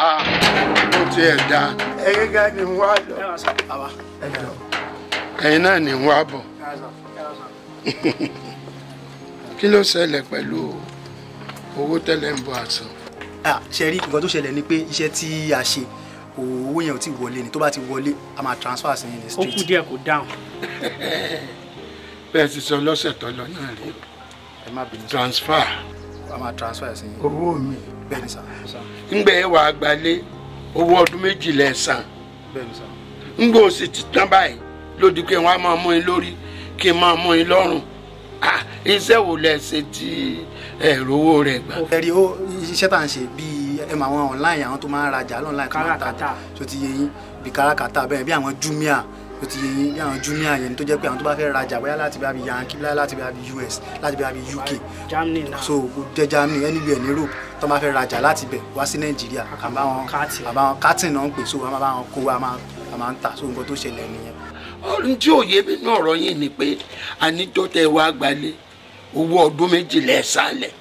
Ah, ó ti ẹ̀ da ẹ̀yin gan ni wọ́n á lọ ẹ̀yin náà ni wọ́n á bọ̀ kí ló ṣẹlẹ̀ pẹ̀lú owó tẹ́lẹ̀ ń bọ̀ àtún. ṣe rí nǹkan tó ṣẹlẹ̀ ni pé iṣẹ́ tí a ṣe owó yẹn ò tí wọlé ni tó bá ti wọlé a máa transfer sí ní street. ó kù díẹ̀ kó dáhùn. bẹ́ẹ̀ ti sọ lọ́sẹ̀ tó lọ náà rí transfer. a transfer sí. owó mi bẹ́ẹ̀ni sà. ńgbẹ́ ẹ wà gbalé owó ọdún méjì lẹ̀ san. bẹ́ẹ̀ni sà. ńgbẹ́ òsì ti tán báyìí lódì pé wọ́n á máa mú in lórí kí n máa mú in lọ́rùn iṣẹ́ wo lẹ ṣe tí ẹ̀rọ owó rẹ̀ gbà. ẹ̀rí ó iṣẹ́ tá à ń ṣe bíi ẹ̀ mọ àwọn online àwọn tó máa ń rajà online tó máa ń ta tó ti yẹ yín bíi káràkátà bẹ́ẹ̀ bí àwọn Jumia ó ti yẹ yín bí àwọn junior yẹn tó jẹ́ pé àwọn tó bá fẹ́ rajà bóyá láti bá bi yankí bóyá láti bá bi US láti bá bi UK so kò jẹ́ Germany anywhere ní Europe tó máa fẹ́ rajà láti bẹ̀ wá sí Nàìjíríà àbáwọn àbáwọn carton náà ń pè so àmọ́ àbáwọn kó wa máa ń tà so nǹkan tó ṣẹlẹ̀ nìyẹn. ọ̀run tí ò yé mi ní ọ̀rọ̀ yìí ni pé àníjọ́ tẹ wá gbalẹ̀ owó ọdún méjì lẹ̀ sálẹ̀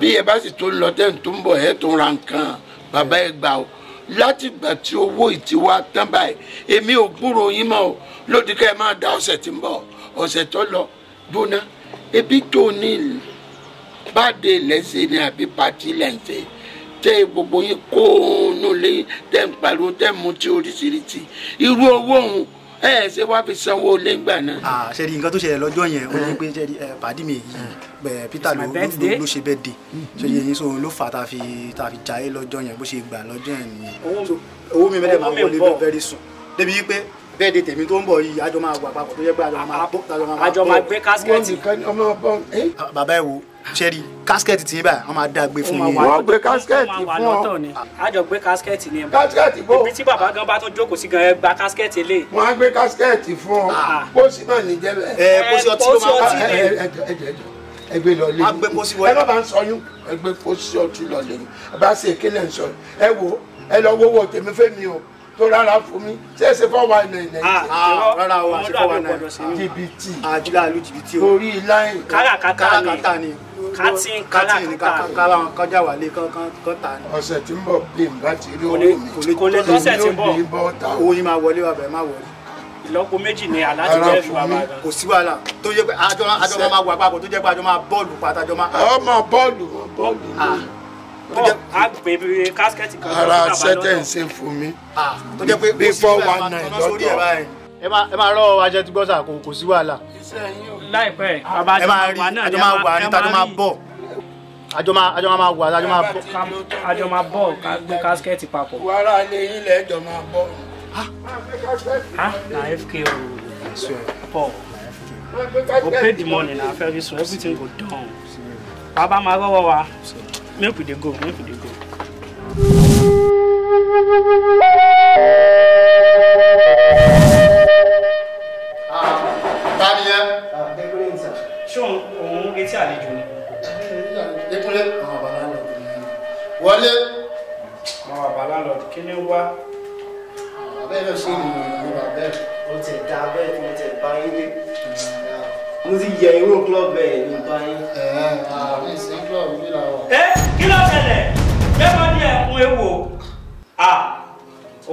bí ẹ bá sì tó ń lọ tẹ́ ń tó ń bọ̀ ẹ̀ tó ń ra nǹkan bàbá ẹ gbà ó látìgbà tí owó ìtì wa tán báyìí èmi ò gbúròó yín mọ́ o lódì ká ẹ máa da ọ̀sẹ̀ tí ń bọ̀ ọ̀sẹ̀ tó lọ gbóná ebi tó ní báde lẹ́sẹ̀ ni àbí pati lẹ́sẹ̀ tẹ gbogbo yín kó nulẹ̀ tẹ́ ń pariwo tẹ́ ń mutí oríṣiríṣi irú owó òun ẹ ṣe wá fi sanwó ilé ńgbà náà. ṣe rí nǹkan tó ṣẹlẹ̀ lọ́jọ́ yẹn ó ní pé ṣe rí pàdí mi yìí hmm. peter ló ló ṣe bẹ́ẹ̀ dé ṣe yẹ yín sóhun ló fà tá a fi tá a fi jayé lọ́jọ́ yẹn bó ṣe gbà lọ́jọ́ yẹn nìyẹn. owó mi mẹ́lẹ̀ máa ń wọlé very soon débi yìí pé bẹ́ẹ̀ de tèmi tó ń bọ̀ yìí àjọ máa wà papọ̀ tó yẹ pé àjọ máa bọ̀ àjọ máa gbé kásikẹ́tì ṣẹ́rí kásikẹ́ẹ̀tì tí yín báyìí wọ́n máa dá gbé fún yín. wọ́n gbé kásikẹ́ẹ̀tì fún ọ. a jọ gbé kásikẹ́ẹ̀tì ní ẹ̀ bá. kásikẹ́ẹ̀tì bò. ibi tí bàbá gan bá tún jókòó sí gan ẹ gba kásikẹ́ẹ̀tì lé. wọ́n á gbé kásikẹ́ẹ̀tì fún ọ ah. pósí náà ní jẹ́lẹ̀. ẹ eh, pósí ọtí ló máa bá ẹ ẹ ẹ gbé lọ lé mi ẹ bá ń sọyún ẹ gbé pósí ọtí lọ lé mi bá ṣe kílẹ̀ ń sọ ẹ wo ẹ lọ wọ́wọ́ tèmi fẹ́ mi o tó rárá fún mi ṣé ṣe fọ́ wa ilẹ̀ ilẹ̀ yìí. Ah, ah, rárá wa ṣe fọ́ wa náà jìbìtì àjùlálù ah, jìbìtì o orí láyìn káràkátà ni kátìn káràkátà kára wọn kọjá wà lé kọ́ta ni. ọ̀sẹ̀ tí ń bọ̀ bí n bá ti rí owó mi kò lè tọ́sẹ̀ tí ń bọ̀ owó yín máa wọlé wa bẹ̀rẹ̀ máa wọlé ìlọ́po méjì ni aláti jẹ́ fún wa bàbá. kò sí wàhálà tó yẹ pé àjọ máa wà papọ̀ tó jẹ́ pé àjọ máa bọ́ọ̀lù pàtàjọ máa. ọmọ bọ́ọ̀lù bọ́ọ̀lù. Oh, ara sẹ́tẹ̀ ń ṣe fún mi ah, bí four one night. lọ́dọ̀. ẹ máa rọ ajẹ́ tí gbọ́sà kò kò sí wàhálà. láìpẹ́ ah, ẹ máa rí àjọ máa wà níta tó máa bọ̀ àjọ máa àjọ máa wà àjọ máa bọ̀ àjọ máa bọ̀ ká gbé kásikẹ́ẹ̀tì papọ̀. wàrà ni ilẹ̀ ẹ̀jọ̀ máa bọ̀. ha ah. na fk o paul o pay the money na afẹ́rí so everything go down. bàbá máa rọ́wọ́ wa. So make we go make we dey ah taniya. ah ń sà. ṣé òun etí àlejò ni. Dékúnlé. àwọn bàbá ah wọlé. àwọn bàbá lọ kí ni wá. àbẹ́rẹ́ ṣe ìrìnà ìrìnà bẹ́ẹ̀. o tẹ̀ da bẹ́ẹ̀ tí mo tẹ̀ bá yín lé mo ti yẹ irú club ẹ̀ ní báyìí. ẹ ẹ àmì ìsìn club mi là wà. ẹ kí ló ṣẹlẹ̀ ṣé wọ́n ní ẹ̀kún ewo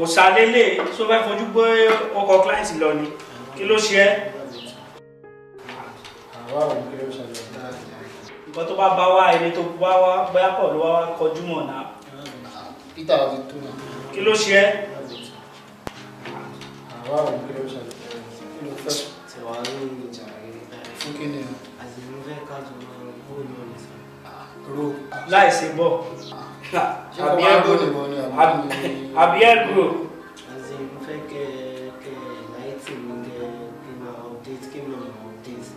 òṣàlélẹ̀ tó fẹ́ fojú gbé ọkọ̀ client lọ ni kí ló ṣe ẹ́. àwa ò ní kí ló ṣẹlẹ̀ nǹkan tó bá bá wá ẹni tó bá wá bóyá pọ̀ ló wá kọjú mọ̀ náà. peter kí ló ṣe ẹ́. àwa ò ní kí kí ló fẹ́. tiwa ló ń fún kí ni. àzìmú fẹ́ ká jọ máa bó lọ ní sọ. ro láìsí bọ. àbí ẹgbò àbí ẹgbò. àzìmú fẹ́ kẹ kẹ láìtì mi kẹ kí máa update kí máa update.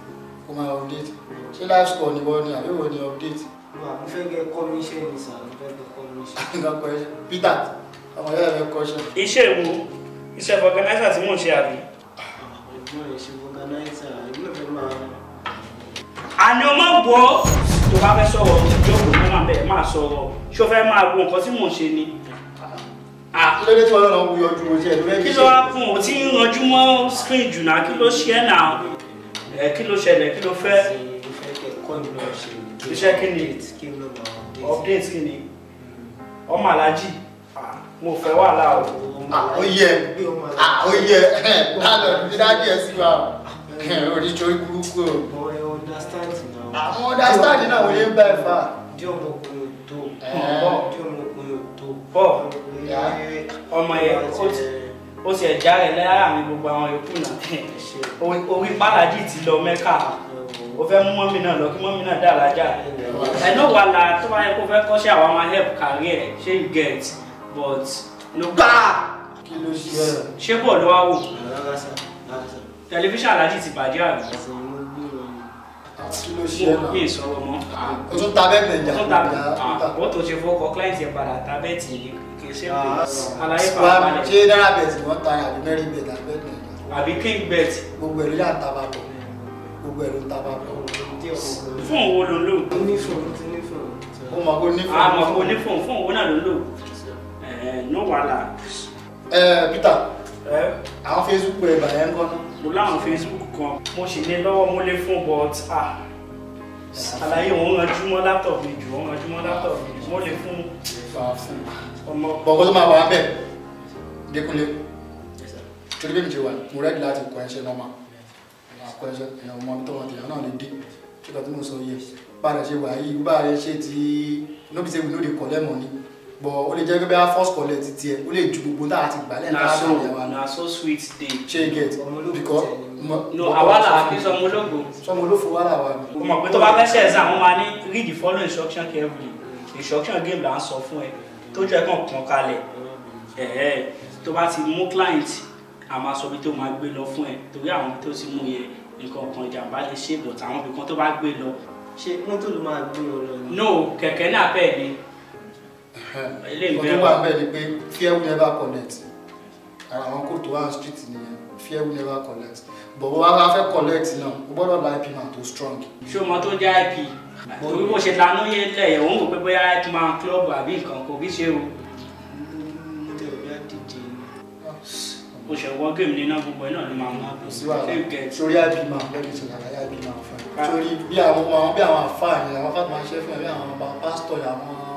kó máa update ṣé life score ni wọ́n ní àbí wọ́n ní update. mo fẹ́ kẹ kọ́ mi iṣẹ́ mi sàn mo fẹ́ kẹ kọ́ mi iṣẹ́. Peter àwọn yàrá rẹ kọ́ ṣe. iṣẹ́ wo iṣẹ́ fọgànáísà tí mò ń ṣe àbí. Ah, ẹ̀gbọ́n ẹ̀ ṣe fọgànáísà ìlú ẹ̀fẹ́ àní ọmọ gbọ́ tó bá fẹ́ sọ̀rọ̀ jókòó mọ́ máa bẹ̀ máa sọ̀rọ̀ ṣó fẹ́ máa wo nǹkan tí mò ń ṣe ni. Ah. Ah. kí ló dé tí wọn lọ wú ọdún ojú ẹ lórí ẹ kí ló wá fún o tí ń ranjú mọ́ screen jù náà kí ló ṣe é náà eh, kí ló ṣẹlẹ̀ kí ló fẹ́. iṣẹ́ kí ni update kí ni hmm. ọmọ alájì ah. mo fẹ́ wàhálà o. ó yẹ ó yẹ lálọ́ ìdílé ajé ẹ sí wa o orí torí burúkú o. ọ̀rẹ́ understand náà. àwọn understand náà wọ́n yé ń bá ẹ fà. dí ọmọkùnrin ò tó bọ̀ dí ọmọkùnrin ò tó bọ̀ ọmọ yẹn ó ti ẹ̀já rẹ̀ lára mi gbogbo àwọn yòókù náà orí pàlàjì ti lọ mẹ́kà o fẹ́ mú mọ́mí náà lọ kí mọ́mí náà dà lájà ẹ̀ náà wà láà tó bá yẹ kó fẹ́ kọ́ àwọn máa help career ṣé you get but no. gbà kí ló ṣe é. ṣé bọ̀ ló wá wò tẹlifíṣàn aláàjì ti bàjẹ́ àbí. mi ì sọ̀rọ̀ mọ́. Ah, o tún ta bẹ́ẹ̀ mẹ́jà. o tún ta bẹ́ẹ̀ ah, ah, o tó ṣe fọkọ kílẹ̀ǹtì ẹ̀ padà ta bẹ́ẹ̀ tì í kì í ṣe pé aláyé pàápàá rẹ̀. ṣé náírà bẹ̀tì wọ́n ta àbí mẹ́rin bẹ̀tì àbí bẹ́ẹ̀ náírà. àbí king bet. gbogbo ẹ̀rọ yà ta bàbọ̀ gbogbo ẹ̀rọ ta bàbọ̀. fún òun wo ló lò. ó ní fún òun ti ní fún òun. ó mọ̀ kó ní fún òun. àmọ̀ kó ní fún òun fún òun náà ló lò. ẹ̀ẹ́n ní wàhálà. ẹ Peter eh? àwọn Facebook rẹ̀ bàyẹ̀ ń kọ́ náà mo láwọn facebook kan mo sì lé lọ́wọ́ mo lè fún but ah àlàyé òun ranjúmọ́ látọ̀ mi jù òun ranjúmọ́ látọ̀ mi mo lè fún ọmọ. bọ̀gọ́ tó máa wà bẹ́ẹ̀ dékúnlé torí bẹ́ẹ̀ mi ti wà mo rẹ́ẹ̀dì láti kọ ẹṣẹ́ nọ́mà àkọ ẹṣẹ́ èèyàn ọmọ tó wọn tèèyàn náà lè dé kíkọ tí mo sọ yẹ bá a lè ṣe wà yìí bá a lè ṣe ti nóbi ṣe wí lóde kọ́ lẹ́mọ̀ ni bọ̀ ó lè jẹ́ pé bẹ́ẹ̀ first call ẹ̀ ti tiẹ̀ ó lè ju gbogbo náà àti ìgbàlẹ̀ náà láti ìyàwó. na so sweet day. ṣé e get because. no àwa là á kí sọmọ ológo. sọmọ olófo wà là wà. o mọ̀ pé to bá fẹ́ ṣe ẹ̀sán àwọn máa ní read the following instruction carefully instruction game là ń sọ fún ẹ tó jẹ́ kàn kàn kalẹ̀ tó bá ti mú client a máa sọ pé tó máa gbé lọ fún ẹ torí àwọn tó ti mú yẹ nǹkan kan ìjàmbá lè ṣe but àwọn ibìkan tó bá gbé lọ. ṣe mọ́tò ló máa gbé ọ lọ. no kẹ̀kẹ́ náà bẹ́ẹ̀ ni fear will never connect ara àwọn kò tó wà street nìyẹn fear will never connect bọ̀bọ̀ wa bá fẹ́ connect náà o gbọ́dọ̀ la ip man strong. ṣé o mọ tó jẹ́ ip torí mo ṣe lanú yẹn lẹ̀ yẹ̀ òun kò pé bóyá ip club àbí nǹkan kò bí ṣe o. o ṣe wọ géèmù nínú gbogbo ẹ náà ló máa mú àpò sí wàhálà sórí ip man lẹ́nu ti rà láyé ip man fún ẹ. torí bí àwọn bí àwọn àfáà àwọn fáà máa ń ṣe fún ẹ bí àwọn pásítọ̀ yẹn àwọn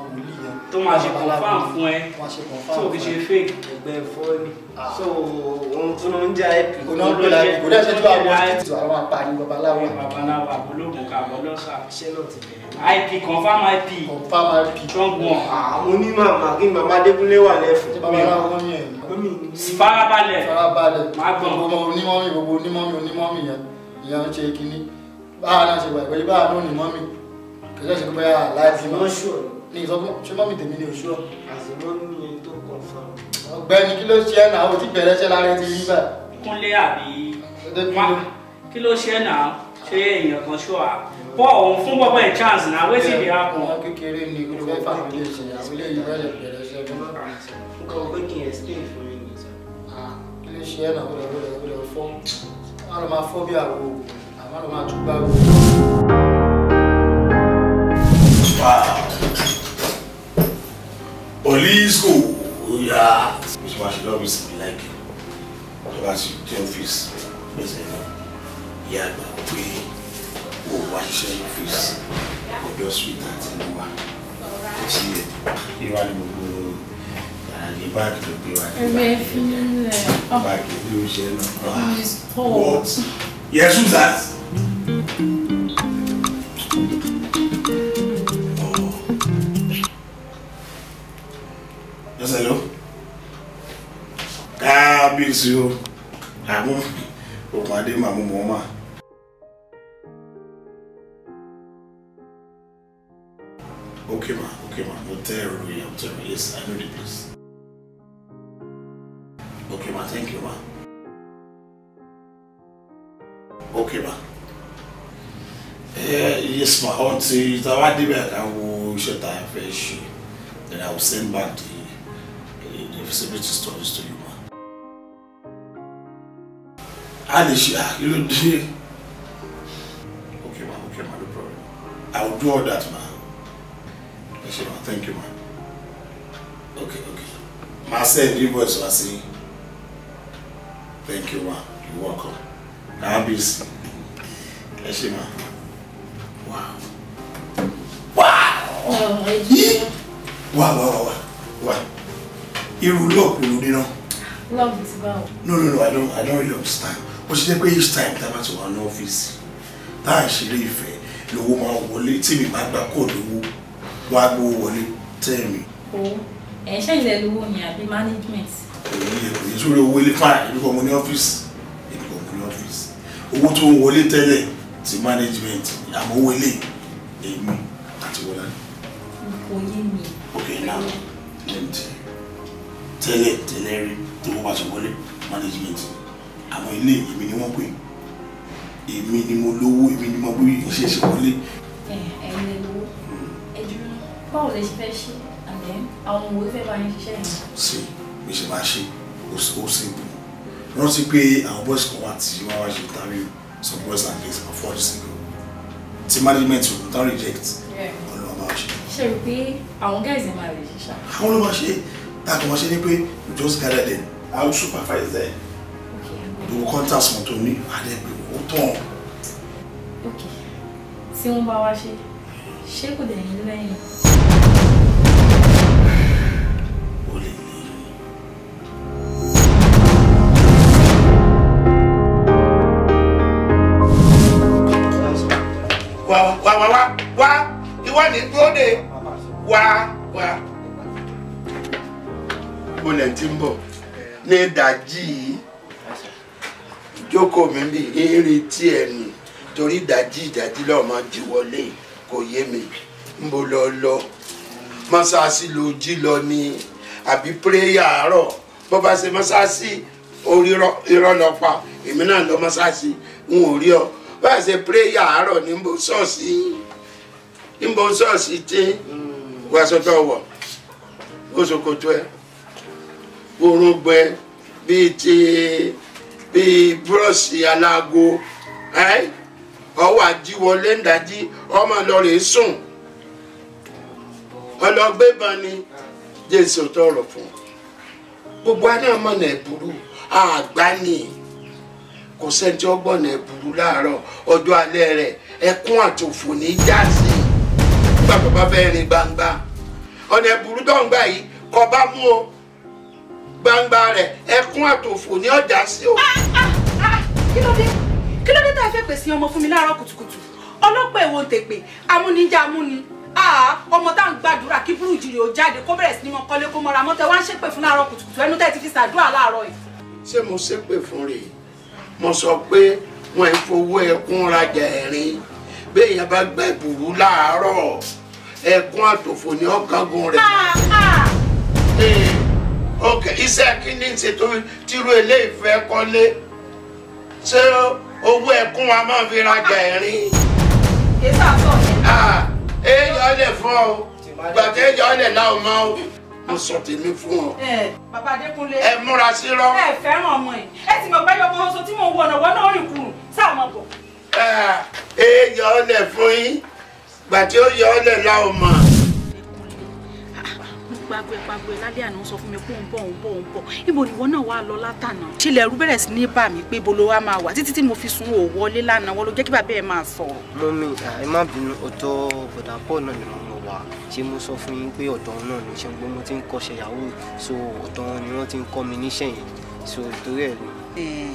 tó máa ṣe confam fún ẹ tó kì í ṣe fake. ẹgbẹ́ fọ́ọ̀nì. Ah. so ohun tó ń jẹ́ ip kò náà ló la kò dẹ́ ṣe tó àwọn ètò àwọn apani babaláwo. babaláwo àbólógún kàbọ̀ lọ́sà. iṣẹ́ náà ti bẹ̀rẹ̀. ip confam ip. confam ip. jọ́gbọ̀n. àwọn onímọ̀ àmàkí màmá adékúnlé wà lẹ́fọ̀. babaláwo ní ẹ̀ farabalẹ̀ farabalẹ̀ gbogbo onímọ̀mí gbogbo onímọ̀mí onímọ̀mí yẹn ìyẹn ń ṣe kínní báwa náà ṣe wà ìpẹ́jì báwa náà onímọ̀mí kẹsàn-án ṣe pé báyà láìpẹ́ náà ṣùgbọ́n ní ìsọfún ṣé mọ́mí tèmi ni òṣùọ́. àzìmọ́ ní tó confirm. ọ̀gbẹ́ni kí ló ṣe ẹ́ náà o ti bẹ̀rẹ̀ ṣẹ́ lára ti rí bẹ́ẹ̀. kúnlé àbí kí ló ṣe ẹ́ náà ṣé èèyàn kan ṣọ́ à pọ̀ òun fún bọ́bọ́ ẹ̀ chance náà wé sì lè hapun. àwọn kékeré ni kò fẹ́ fà mí lè ṣe àwọn ilé ìwé rẹ̀ bẹ̀rẹ̀ ṣẹ́ fún. nǹkan pé kí n explain fún mi nìyí. kí ló ṣe ẹ́ náà wúlò wúlò wúlò fọ́ àwọn ọmọ afọ́ bí àwo àwọn ọmọ àtúgbà wo. Wow. Olisco oya oh, bí wọ́n ṣe lọ́wọ́ sí mi láìpẹ́ tó bá ti dé ọ́fíìsì gbèsè náà ìyá àgbà we ó wá ṣiṣẹ́ ní ọ́fíìsì ọjọ́ sweet àti ìwà kò sí ẹ̀ ìwà ni gbogbo àlè báàgì ló gbé wa ní báàgì báàgì ló ṣe é náà. Yes, Susan. ẹsẹ̀ ló kábíyèsí o àmú òkun adé màmú mọ́ mà. Okay ma, okay ma, mo tẹ ẹrù yẹn, yes, I know the place. Okay ma, thank you ma. Okay ma. Uh, yes ma, auntie. tá a bá débẹ̀ ká wo iṣẹ́ tá a then I will send back the celebrity stories to you ma. a lè ṣe ah, okay ma okay ma no problem i will do all that ma. ẹ ṣe thank you ma. okay okay ma send invoice wa sí. thank you ma You're welcome. kábíyèsí ẹ ṣe ma. Oh, wow. wow. wow wow wow wow wow irú lọ́ọ̀pù ló dé náà. lọ́ọ̀pù ti bá no no no i don't i don't really understand ó ṣe jẹ́ pé each time tá a bá ti wà ní ọ́fíìsì tá à ń ṣeré ìfẹ́ lówó máa wọlé tí mi máa gbà kó lówó wá gbówó wọlé tẹ́ẹ̀mì. o ẹ̀ lówó ni àbí management. èyí ẹ̀ kò ní sórí owó ilé fáà ibi kan mo ní ọ́fíìsì ibi kan mo ní ọ́fíìsì owó tó ń wọlé tẹ́lẹ̀ ti management àmọ́ owó èmi àti wọlé. kò yé mi. okay now let me tell you tẹ́lẹ̀ tẹ́lẹ̀ rí tí wọ́n bá ṣe wọlé management àwọn ilé èmi ni wọ́n pè èmi ni mo lówó èmi ni mo gbé iṣẹ́ ṣe wọlé. ẹ ẹ lè lówó ẹ dúró báwo lè ṣe fẹ́ ṣe àlẹ́ àwọn òwe fẹ́ bá yín ṣiṣẹ́ yìí. sí mi ṣe máa ṣe ó simple rántí pé àwọn boys kan wà tí wọ́n wá ṣe interview some boys and girls are forty single tí management ò tán reject ọlọ́run máa ṣe. ṣe rò pé àwọn guys ẹ̀ máa lè ṣiṣẹ́. àwọn ló máa ṣe that commercial pay we just gather them I will supervise them they will contact someone to me and then we will turn. okay tí wọ́n bá wá ṣe ṣé kò dẹ̀ ní lẹ́yìn. Wow! Wow! Wow! wá wá wá wá wá Wow! dúró bólẹ̀ tí ń bọ̀ ní ìdajì ìjókòó mi bí eré tí ẹ nì torí ìdajì ìdajì lọ́ọ́ máa jí wọlé kò yé mi ń bo lọ lọ mọ́sáàsì ló jí lọ ni àbí pírẹ́yà àárọ̀ bó bá ṣe mọ́sáàsì orí irọ́ lọ pa èmi náà lọ mọ́sáàsì n ò rí ọ bá ṣe pírẹ́yà àárọ̀ ní ń bo ṣọ́ọ̀ṣì ń bo ṣọ́ọ̀ṣì tí wàá sọ́tọ̀ wọ̀ ó ṣòkòtò òrùngbẹ bíi ti bíi búrọ̀sì aláago ọwọ́ àjíwọlé ń dájí ọmọ lọ́ọ̀rẹ́ sùn ọlọ́gbẹ́bọn ni jésù tọrọ fún gbogbo àná mọ̀nà ẹ̀bùrú àgbáni kò sẹ́ńtì ọgbọ̀nà ẹ̀bùrú láàárọ̀ ọjọ́ alẹ́ rẹ̀ ẹkún àtòfò ní jáàsì gbàgbọ́ bá fẹ́ rin gbangba ọ̀nà ẹ̀bùrú tó ń gbà yìí kọ́ bá mú o gbangba rẹ̀ ẹkún àtòfò ní ọjà sí o. Ah, ah, ah, kí ló dé kí ló dé tá a fẹ́ pèsè ọmọ fún mi láàárọ̀ kùtùkùtù ọlọ́pàá èwo tèpè amúnijá amúni ọmọ tá à ń gbàdúrà kí burújìrì ò jáde kó bẹ̀rẹ̀ sí ni mo kọ́lé kó mọ́ra mọ́tẹ́ wá ń ṣépè fún láàárọ̀ kùtùkùtù ẹnu tẹ́ ti fi ṣàdúrà láàárọ̀ yìí. ṣé mo ṣépè fún rèé mo sọ pé wọn ń fowó ẹkún rajà ẹ̀rín béèyàn bá gbẹ ìbùrú láàárọ̀ ẹkún àtòfò ní ọ̀gágun rẹ̀. Eh ok iṣẹ́ kíní ṣe tó tírú eléyìí fẹ́ kọ́lé ṣé owó ẹ̀kún wa máa fi rajà ẹ̀rín. kì í sàtọ̀ mi. èèyàn ọ̀lẹ̀ fún ọ gbàtẹ́ èèyàn ọ̀lẹ̀ náà máa ń mo sọ tèmi fún ọ. bàbá adékúnlé ẹ múra sí rọ. ẹ fẹ́ràn ọmọ ẹ ẹ ti mọ̀ báyọ̀ ọmọ oṣù tí mò ń wọ ọ̀nà wọn náà rìn kùrù sáà mọ̀ bọ̀. Ah, ẹ yọ fún yín gbàtí ó yọ láwọn mọ pagbe pagbe lálẹ́ àná sọ fún mi pé òun bọ̀ òun bọ̀ òun bọ̀ ibo nìwọ náà wàá lọ látànà. tilẹ̀ ẹ̀rú bẹ̀rẹ̀ sí ní bà mí pé bolo wa máa wà títí tí mo fi sun òwọlé lánàá wọ́n jẹ́ kí bàbá ẹ̀ máa sọ̀rọ̀. mọ́mí ẹ má bínú ọ̀dọ̀ bọ̀dà paul náà ni mo wà ṣé mo sọ fún yín pé ọ̀dọ̀ náà ni ṣé mo ti ń kọ́ṣẹ́ yahoo so ọ̀dọ̀ ni wọ́n ti ń kọ́ mi níṣẹ́ yẹn so torí ẹ̀ Eh,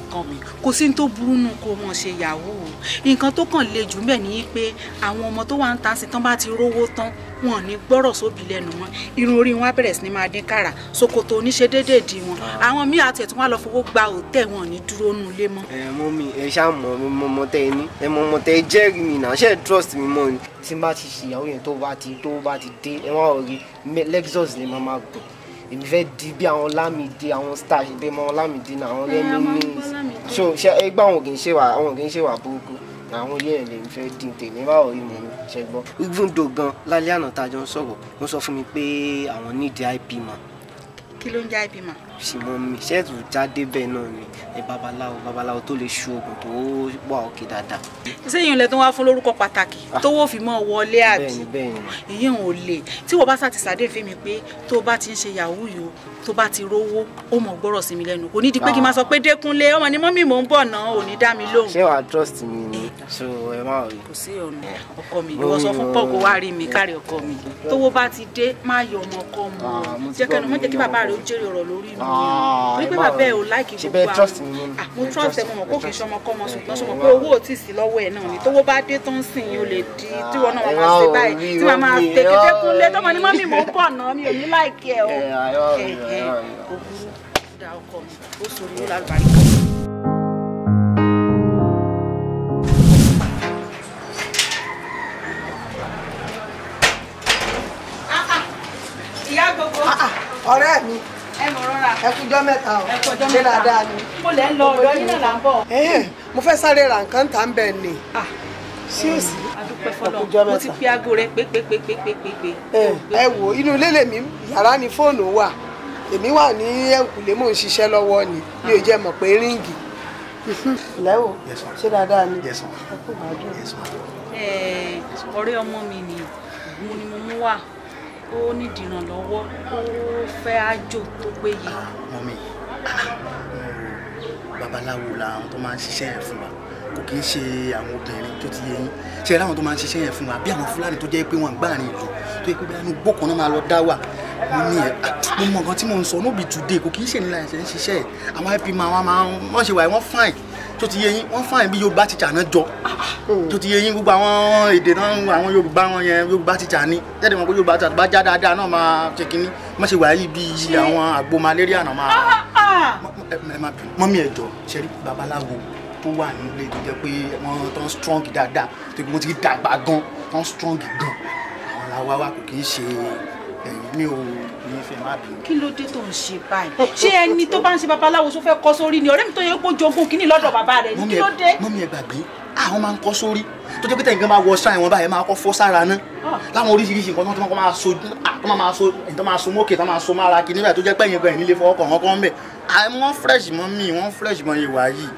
ọkàn mi kò sí tó burú nù kó mọ̀ ṣe yahoo nǹkan tó kàn le jù mẹ́ ni pé àwọn ọmọ tó wà ń ta sí tán bá ti rówó tán wọn ní gbọ́rọ̀ sóbì lẹ́nu wọn irun orí wọn á bẹ̀rẹ̀ sí ni máa dín kára ṣòkòtò oníṣe déédéé di wọn ah. àwọn míì àti ẹ̀tún wà lọ fowó gba òtẹ́ wọn ní dúró nù lé mọ́. Eh, ẹ mọ mi ẹ ṣáà mọ mọ mọ tẹ ẹ ní ẹ mọ mọ tẹ ẹ jẹ́rìí mi náà ṣe trust mi mọ ni. tí n bá ti ṣìyàwó yẹn tó bá ti tó bá ti dé ẹ wá rí lexus ni màá máa gbọ́ èmi fẹ́ di bí àwọn lámìdí àwọn star ṣe dé mọ́ lámìdí náà àwọn lẹ́mìnís so ṣe ẹgbẹ́ àwọn kì í ṣe wà àwọn kì í ṣe wà burúkú àwọn yẹn lè fẹ́ dín tèmi báwo yìí mò ń ṣe gbọ́. even though gan lálẹ́ àná tá a jọ ń sọ̀rọ̀ wọ́n sọ fún mi pé àwọn need ip man. kí ló ń jẹ́ ip man ṣìmọ́ mi ṣẹ́ẹ̀tù jáde bẹ́ẹ̀ náà ni ẹ babaláwo babaláwo tó lè ṣu oògùn tó wà òkè dáadáa. sẹ́yìn ilẹ̀ tó wá fún lórúkọ pàtàkì ah. tówó fi mọ́ wọlé àbí èyí ò lè tí wọ́n bá sàti sàdé fèmí pé tó bá ti ń ṣe yahoo yòó tó bá ti rówó ó mọ̀ gbọ́rọ̀ sí mi lẹ́nu kò ní di pé kí n máa sọ ah. pé Dékúnlé ọmọ ni mọ́mì mò ń bọ̀ náà ò ní dá mi lóhùn. ṣé wàá trust mi ni so ẹ má rí. kò sí ọ̀nà ọkọ mi ìwọ sọ fún Paul wá rí mi kárí ọkọ mi tówó bá ti dé má yọ ọmọ ọkọ mọ jẹ́ kẹ́nu jẹ́ kí bàbá rẹ̀ ó jèrè ọ̀rọ̀ lórí mi nígbà ah, bẹ́ẹ̀ ò láìkì ṣe gbogbo àwọn ah, mo trust ẹ̀ mo mọ̀ kó kì í ṣọmọ kọ́ ọmọ ṣùgbọ́n ṣọmọ pé owó ò tí ì sí lọ́wọ́ ẹ̀ náà ni tówó bá dé tó ń sìn yín ó lè di tí wọn náà máa ṣe báyìí tí wọn máa tètè kúnlé tọmọ ní mọ́mí mò ń bọ̀ náà mi ò ní láìkì ẹ̀ o òwúrò dá ọkọ mi ó sòrí ó lálùbáríkà. Ah, ọ̀rẹ́ mi ẹkújọ́ mẹ́ta o ṣe dáadáa ni. mo lẹ́ ń lọ ọ̀dọ́ yín náà là ń bọ̀. mo fẹ́ sáré ra nǹkan tà ń bẹ̀ ni sí òsì. adúpẹ́ fọlọ́ mo ti fi aago rẹ pépépépépépé. ẹ wo inú ilé lèmi yàrá ni fóònù wà èmi wà ní ẹ̀kúlé mò ń ṣiṣẹ́ lọ́wọ́ ni mi ò jẹ́ mọ̀ pé ríǹgì. lẹ́wọ̀ ṣe dáadáa ni ọkùnrin àdúrà. ọ̀rẹ́ ọmọ mi ni mo ni mo mú wá ó nídìí ìrànlọ́wọ́ ó fẹ́ àjò tó péye. mọ́mí babaláwo làwọn tó máa ń ṣiṣẹ́ yẹn fún wa kò kí ń ṣe àwọn obìnrin tó ti yẹ yín ṣe é láwọn tó máa ń ṣiṣẹ́ yẹn fún wa bí àwọn fúlàní tó jẹ́ pé wọ́n gbà rìn ìlú tó yẹ pé bí anúgbó kan náà máa lọ dá wà mo ní ẹ ah, mo mọ nǹkan tí mo ń sọ nóbì today kò kí ń ṣe nílà ẹ̀ṣẹ̀ ń ṣiṣẹ́ àwọn ip máa wọ́n ṣe wà wọ́n fine tó ti yé yín wọ́n fáyìn bí yorùbá tíṣà náà jọ tó ti yé yín gbogbo àwọn èdè náà àwọn yorùbá wọn yẹn yorùbá tíṣà ni jáde wọn pé yorùbá tíṣà bá já dáadáa náà máa ṣe kínní má ṣe wàhálì bíi àwọn àgbo malaria náà máa ah, ah, ah. ẹ má bínú mọ́mí ẹ̀ jọ ṣẹ́rí babaláwo tó wà nílé tó pé wọ́n tó strong dáadáa tó ti dàgbà gan tó ń strong gan àwọn làwa wa kò kì í ṣe mi ò ní fẹ́ má bínú. kí ló dé tó ń ṣe báyìí ṣé ẹni tó bá ń ṣe babaláwo tó fẹ́ kọ́ sórí ni ọ̀rẹ́ mi tó yẹ kó jogún kínní lọ́dọ̀ bàbá rẹ̀ ni kí ló dé. mọ́mí ẹ gbàgbé àwọn ah, máa ń kọ́ sórí tó jẹ́ pé tẹ̀yìn kan máa wọ sáà ìwọ̀n báyìí máa kọ́ fọ́ sára ná ah. láwọn oríṣiríṣi nǹkan tó máa so ah, tó máa so tó máa so mókè tó máa so mára kí nígbà tó jẹ́ pẹ́yìn gan ìnílé fọwọ́ kàn kọ́kọ́ ń bẹ̀ wọ́n fresh mọ́ mi wọ́n fresh mọ́ ìwà yìí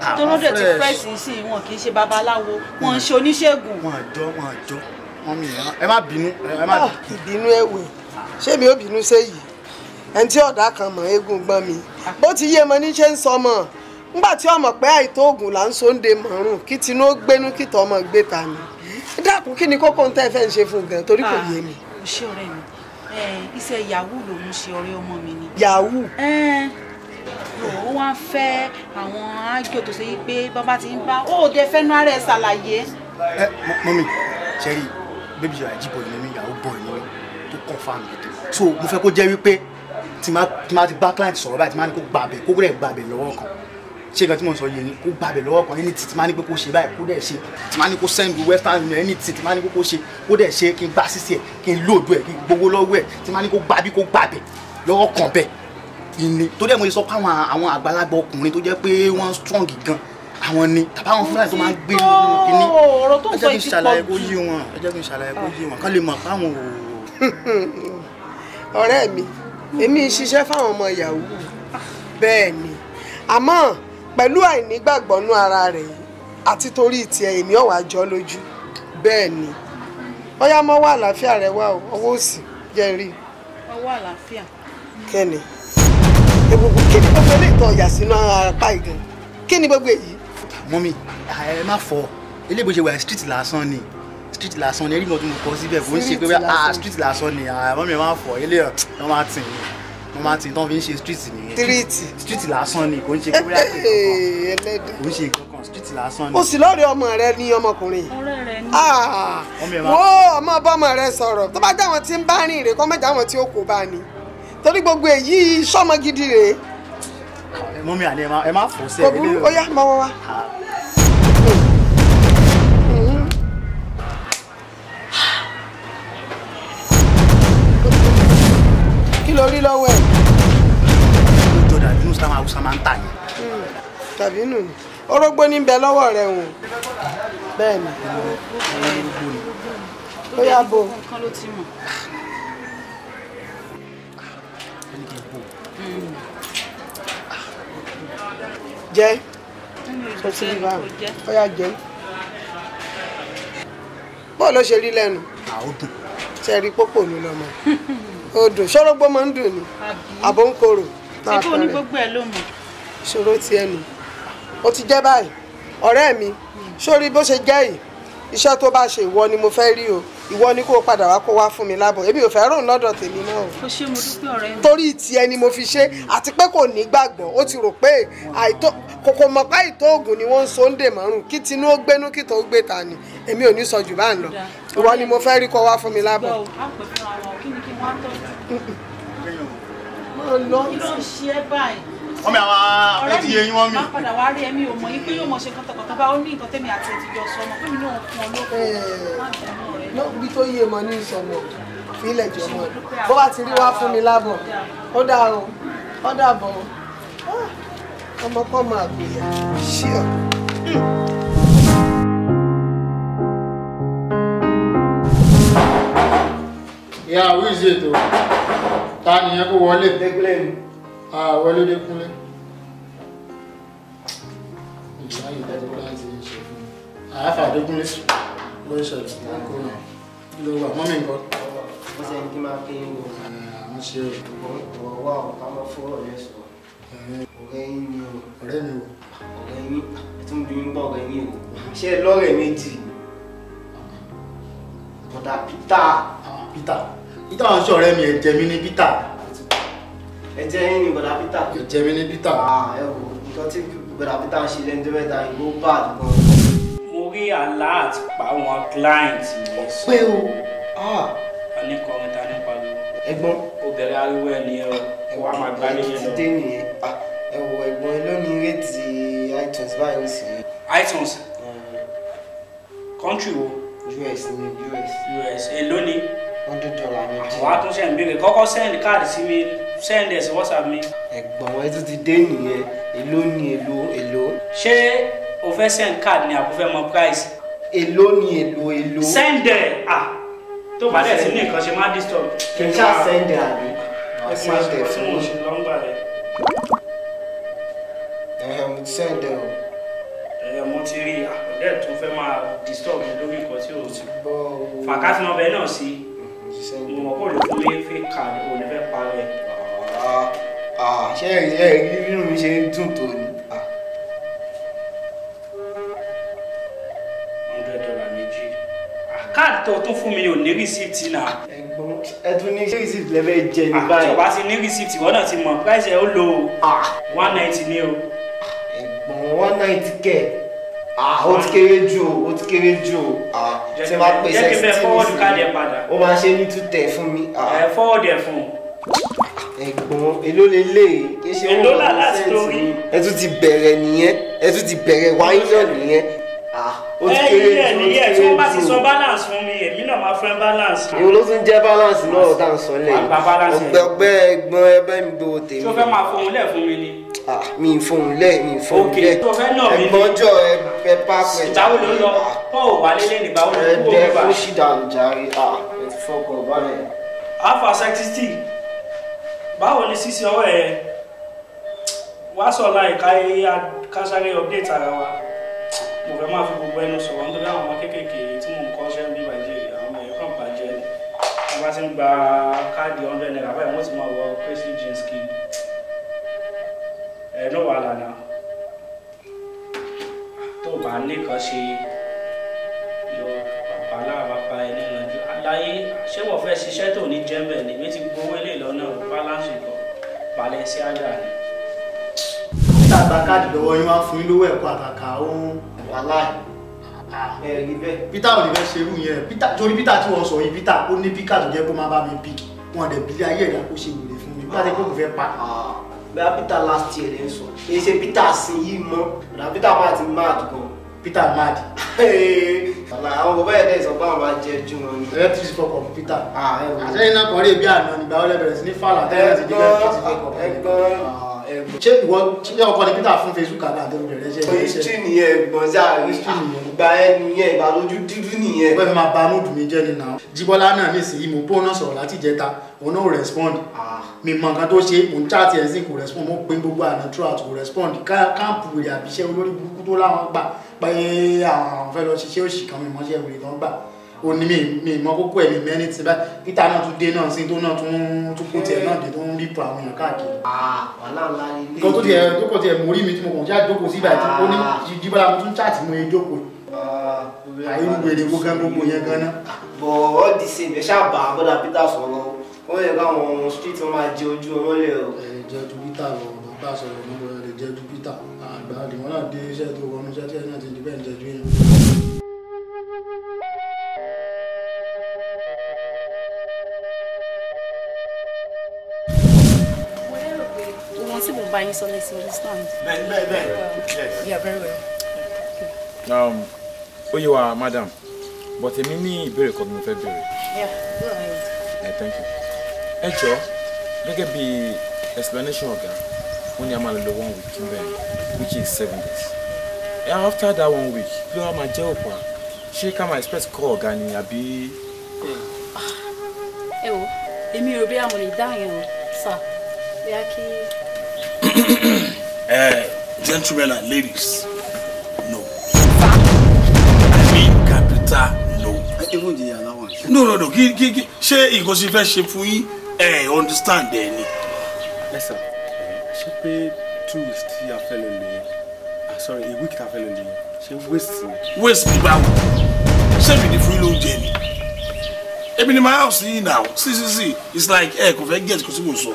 àwọn fresh. tó ló dẹ̀ ti fresh sí i wọn kì í ṣe babaláwo wọn ń ṣe oníṣègùn. wọn àjọ wọn àjọ mọ́mí ẹ má bínú ẹ má ah, bínú. ìbínú ẹ̀wẹ̀ ṣé mi ò bínú séyìí ẹni tí ọ̀dà kan mọ̀ eégún gbọ́n mi bó ti yé mo ní ṣe ń sọ mọ́ nígbà tí ọmọ pé àìtó oògùn là ń sóńde mọ̀rùn kí tinú ó gbénú kí tọ́ ọmọ gbé ta ni dákun kí ni kókó ń tẹ́ fẹ́ ń ṣe fún un gan torí kò yé mi. mo ah, ṣe ọ̀rẹ́ mi iṣẹ́ yahoo lòún ṣe ọ̀rẹ́ ọmọ mi ni. yahoo ó wá ń fẹ́ àwọn ágíò tó ṣe yí pé bàbá ti ń bá ó dẹ fẹ́ nú ara ẹ̀ ṣàlàyé. ẹ mọ́mí ṣẹ́rí baby you are jiboy ni mi ìyàwó boy ni mi tó confam mi tó so mo fẹ́ kó jẹ́ wípé tí máa ti bá client sọ̀rọ̀ báyìí tí máa ní kó gbàbẹ̀ kó rẹ̀ gbàbẹ̀ lọ́wọ́ kan ṣé nǹkan tí mo sọ yìí ni kó gbàbẹ̀ lọ́wọ́ kan anything tí máa ní pé kó ṣe báyìí kó dẹ̀ ṣe tí máa ní kó send me western union anything tí máa ní kó ṣe kó dẹ̀ ṣe kí n gbà sísì ẹ̀ kí n lòdù ẹ̀ kí n gbowó lọ́wọ́ ẹ̀ tí máa ní kó gbàbí kó gbàbẹ̀ lọ́wọ́ kan bẹ́ẹ̀ ìní tó dẹ̀ mo sọ pé àwọn àgbàlagbà ọkùnrin tó jẹ́ pé wọ́n strong gan àwọn ni tàbá àwọn fúlàní tó máa ń gbé nínú kínní ẹ jẹ́ kí n ṣàlàyé kó yé wọn ẹ jẹ́ kí n ṣàlàyé kó yé wọn kán lè mọ̀ fáwọn o. ọ̀rẹ́ mi èmi ṣiṣẹ́ fáwọn ọmọ yahoo bẹ́ẹ̀ ni àmọ́ pẹ̀lú àìnígbàgbọ́nú ara rẹ̀ àti torí tiẹ̀ èmi ọ̀wà jọ lójú bẹ́ẹ̀ ni ọyá mọ́ wà àlàáfíà rẹ wá ọwọ́ òsì jẹ́ rí i. ọwọ́ àlàáfíà. kẹ́ni egungun kí ni gbogbo eléyìí tó ọ̀yà sínú apá ìgàn kí ni gbogbo èyí mọ́mí ẹ má fọ eléyìí ṣe wà street lásán ni street lásán ni eréńgàn tó mo kọ síbẹ̀ kò ń ṣe pé ah street lásán ni ah, mọ́mí ẹ má fọ eléyìí wọ́n máa tì ní wọ́n máa tì ní tí wọ́n fi ń ṣe street nìyẹn street street lásán ni kò ń ṣe pé kò ń ṣe kankan street lásán ni. o sì lọ́ọ̀rẹ́ ọmọ rẹ ní ọmọkùnrin ah, wo ọmọ ọbọmọ rẹ sọ̀rọ̀ tó bá dáwọn tí ń bá rìn rè kọ́ mẹ́ta àwọn tí ó kò bá ní torí gbogbo èyí sọ́mọ gidi rèé mú mi àní ẹ má fò sẹ́ẹ̀. kò burú ó yá máa wá wá. kí ló rí lọ́wọ́ ẹ̀. ló jọ dàbí nù sáwọn haúsá máa ń tà yẹn. Hmm, tàbí nù ni orógbó ní bẹ lọ́wọ́ rẹ̀ wò bẹ́ẹ̀ ni ó yá bo. jẹ́ tó ti rí báwo ó yà jẹ́ bọ́ọ̀ ló ṣe rí lẹ́nu ṣe rí pópò ní lọ́mọ odò ṣọ́rọ́gbó máa ń dùn ní àbò ń korò náà fẹ́rẹ̀ ṣé kò ní gbogbo ẹ̀ ló mọ̀ ìṣòro ti ẹnu O ti jẹ́ báyìí ọ̀rẹ́ mi sórí hmm. bó ṣe jẹ́ yìí iṣẹ́ tó bá ṣe ìwọ ni mo fẹ́ rí o ìwọ ni kó padà wá kó wá fún mi lábọ̀ èmi ò fẹ́ rò lọ́dọ̀ tèmi náà. kò ṣe mo dúpẹ́ ọ̀rẹ́ mi. torí tiẹ̀ ni mo fi ṣe àti pé kò ní gbàgbọ́ ó ti rò pé àìtó kòkò mọ̀pá ìtó oògùn ni wọ́n ń so ń dè márùn kí tinú ó gbénú kí tó gbé ta ni èmi ò ní sọ jù bá ń lọ ìwọ ni mo fẹ́ rí kó wá fún mi lábọ̀. ọmọ àwọn ó ti yẹ yín wọ́n mi. má padà wá rí ẹmí o mọ̀ yín pé yóò mọ̀ ṣe kọ́tọ̀kọ́tọ̀ bá ó ní nǹkan àti ẹ̀tìjọ́ níbi tó yé mọ ní ìsọmọ ìfilẹ̀ jọmọ bó bá ti rí wá fún mi lábọ̀ ó dà o ó dà bọ̀ ah, o ọmọkọ́mọ àgbèyà ṣí ọ. ìyá wíìzì ètò ta nìyẹn kó wọlé. dẹ́kúnlé ni. wọlé dẹ́kúnlé. ìyá yìí dájú láti ṣe fún mi àáfà dẹ́kúnlé bó ṣe kó nà kí ló wà mọ́mí nǹkan. wọ́n ṣe ní kí máa pín in wò. àwọn ṣe o. ọwọ́ àwọn ká máa fọ́ ọ̀rẹ́ sọ. ọ̀rẹ́ ni o. ọ̀rẹ́ mi o. ọ̀rẹ́ yín tó ń bí mi bá ọ̀rẹ́ yín o. ṣé lọ́rẹ̀ méjì. bọ̀dà pítà. pítà pítà wọn ṣe ọ̀rẹ́ mi ẹ̀jẹ̀ mi ni pítà. ẹ̀jẹ̀ yín ni bọ̀dà pítà. ẹ̀jẹ̀ mi ni pítà. Ah, ẹ wo nǹkan tí bọ̀dà pítà ń ṣe lẹ́nu tó mẹ́ta ìgbó bá àdúgbò torí àlá àti pa àwọn client mi sọ. pé o a ní kọrin ta nípa mi. ẹ̀gbọ́n. obìnrin ariwo ẹ ní ẹrọ ẹ wá máa gbá lé yẹn lọ. ètùtù nìyẹn ẹ wọ ẹ̀gbọ́n lónìí rétí itunes báyìí sí. itunes country wo. us ni us. us èló ni. hundred dollar ni. àwọn àtúnṣe ń béèrè kọ́kọ́ send card sí mi send ẹ̀ sí whatsapp mi. ẹ̀gbọ́n ẹ tún ti dé nìyẹn èló ni èló èló. ṣé o fẹ́ send card ni àbúfẹ́ mọ price. èló ni èló èló. send ẹ̀ ah tó bá dẹ̀ sí ní nǹkan ṣe má disturb. kì í ṣá send ẹ̀ àbí. ẹ ti máa ṣe kó tí mo ṣe lọ́ngbà rẹ̀. ẹ̀hẹ̀ mo ti send ẹ̀ o. ẹ̀hẹ̀ mo ti rí àkọ́dẹ̀ tó fẹ́ máa disturb mi lórí nǹkan tí o ti. fàkàtì náà bẹ́ẹ̀ náà sí mo mọ̀ kó lè fún mi fẹ́ card kó lè fẹ́ parẹ́. Ah, ah, ṣé ẹ̀rí nínú mi ṣe ń dùn tó ni. káàdì tó tún fún mi ò ní rìsíìtì náà. ẹ̀gbọ́n ẹ tún ní rìsíìtì lẹfẹ jẹ ní ah, báyìí. àti ọba ti ní rìsíìtì wọn náà ti mọ price ẹ ó lo ah. one ninety ní o. ẹ̀gbọ́n one ninety kẹ ah, ó ti kéré jù ó ti kéré jù ó ṣe máa pè sẹ́sítì mi sí i ó máa ṣe ní two ten fún mi. ẹ fọwọ́dì ẹ fún un ẹ̀gbọ́n èló lélẹ̀ kí ṣe wọ́n lọ́wọ́ sẹ́ẹ̀tì ẹ tún ti bẹ̀rẹ̀ nìyẹn ẹ tún ti bẹ̀rẹ̀ wáyé nìyẹn ó ti kéré ju ti kéré ju. tí wọ́n bá ti sọ balance fún mi èmi náà máa fẹ́ balance. èwo ló tún jẹ́ balance náà tá à ń sọ lẹ́yìn ọgbẹ́ ọgbẹ́ ẹgbọ́n ẹgbẹ́ mi gbowó tèmi. tí o fẹ́ máa fohùn lẹ̀ fún mi ni. mi fohùn lẹ̀ mi fohùn lẹ̀ ẹ̀gbọ́n jọ ẹ pa pẹ̀. ìgbàwo ló lọ pọ́ ò wálé lẹ́nu ìgbàwo ló kú òwe bá. ẹ dẹ fún ṣìdánù jàre ẹ ti fọkàn balẹ̀. alpha sexty báwo ni sísè ọwọ́ ẹ̀ wá sọ̀la ìka ẹ̀ kásáré update ara wa mo fẹ́ máa fi gbogbo ẹnu sọ̀rọ̀ nítorí àwọn ọmọ kéékèèké tí mò ń kọ́ ṣẹ́ ń bí bàjẹ́ àwọn ọmọ ẹ̀yọ́ kan bàjẹ́ ni wọ́n bá ti ń gba káàdì hundred naira báyìí wọ́n ti máa wọ crazy jeans kì í ẹ̀ náà wà lànà tó bá nìkan ṣe yọ bàbá aláàbàbà ẹni ìrànjú aláyé ṣé wọ́n fẹ́ ṣiṣẹ́ tó ní jẹ́ńbẹ̀ ni mi ti gbowó lè lọ́nà balance kan Balenciaga ni. nígbà a káàdì lọ́wọ́ yín wá fún wàláì ah. ẹ̀rí bẹ́ẹ̀. peter ò ní fẹ́ ṣerú yẹn peter torí peter tí wọ́n sọ yìí peter ó ní píkà tó jẹ́ kó máa bá mi pík wọn dẹ̀ bílẹ̀ ayé ẹ̀dá kó ṣe wèrè fún mi peter tẹ́ kó kò fẹ́ pa. Ah. bẹ́ẹ̀ peter last year lẹ́ sọ èyí ṣe peter sin yìí mọ́ ọ̀dà peter máa ti máa dùn peter mad. ọ̀la àwọn bàbá yẹn dẹ̀ sọ pé àwọn máa jẹ ju wọn ni. electricity for computer. àṣẹ iná kan rí ebi àná nígbà wọlé bẹ̀rẹ̀ sí ní fàlà tẹ́lẹ̀ ti dé electricity for computer ṣé ìwọ ṣé ọkọ ni Peter fún Facebook àgbà tó ń bẹ̀rẹ̀ ṣe é ṣe. history nìyẹn ẹ̀gbọ́n sáà history nìyẹn gba ẹnu yẹn ìbàlójú dúdú nìyẹn. wọ́n fi máa ba mood mi jẹ́ nínú àwọn. Jíbọ́lá náà ní ìsìn yìí mo bó náà sọ̀rọ̀ láti ìjẹta òun náà ò respond. Ah. mi mọ nǹkan tó ṣe mò ń chat ẹ̀ sí kò respond mo pín gbogbo àná throughout kò respond káàpù rẹ̀ àbíṣẹ́ olórí burúkú tó láwọn gbà pé àwọn fẹ́ lọ ṣiṣẹ́ òṣì kan mi mọ́ṣẹ́ òrì o ní mi mọ kókó ẹ̀ mi mẹ́ni ti bá peter náà tún dé náà sí tó náà tún tún kó tiẹ̀ náà dé tó ń rípo àwọn èèyàn káàkiri. wàhálà ńlá ni nǹkan tó tiẹ̀ tó kọ̀ tiẹ̀ mórí mi tí mo kàn já jókòó sí ibà tí ó ní jíjíbára mo tún chaàtì mo yẹ jókòó. àyè gbogbo èdè kó gán gbogbo yẹn gan náà. bọ̀ ọ́ di sí ibẹ̀ ṣáà bá bọ́dà peter sọ̀rọ̀ ó yẹ káwọn street máa jẹ ojú ọmọlẹ̀ o. ẹ jẹ́ ju peter lọ bá sọ̀rọ̀ nǹkan tí mo bá yín sọ lẹ́sìn understand. bẹ́ẹ̀ bẹ́ẹ̀ um, yeah very well. Um, oye wa madam but a ní ìbéèrè kan ni February. yeah go ahead. Yeah, thank you. ẹ jọ gẹ́gẹ́ bí explanation ọ̀gá wọ́n ní a máa one week níbẹ̀ which is seven days. And eh, after that one week kí ló wá máa jẹ́ òpó à ṣé ká máa expect kọ́ ọ̀gá ni àbí. ẹ eh, wo èmi ò bí àwọn lè uh, gentlemen and ladies, no. I mean, capital, no. Even the allowance. No, no, no. Kí kí kí ṣé nǹkan ṣe fẹ́ ṣe fún yín ẹ̀ understand ẹ̀ ni. Lẹ́sà, ṣé two weeks tí a fẹ́ lò ah, Sorry, a week to a fẹ́ She nìyẹn. Ṣé waste me, Waste ni báwo? Ṣé mi ni fún yín lóúnjẹ ni? Èmi ni my house yìí now. See, see, see, it's like hey, kò fẹ́ get kò sí kò sọ.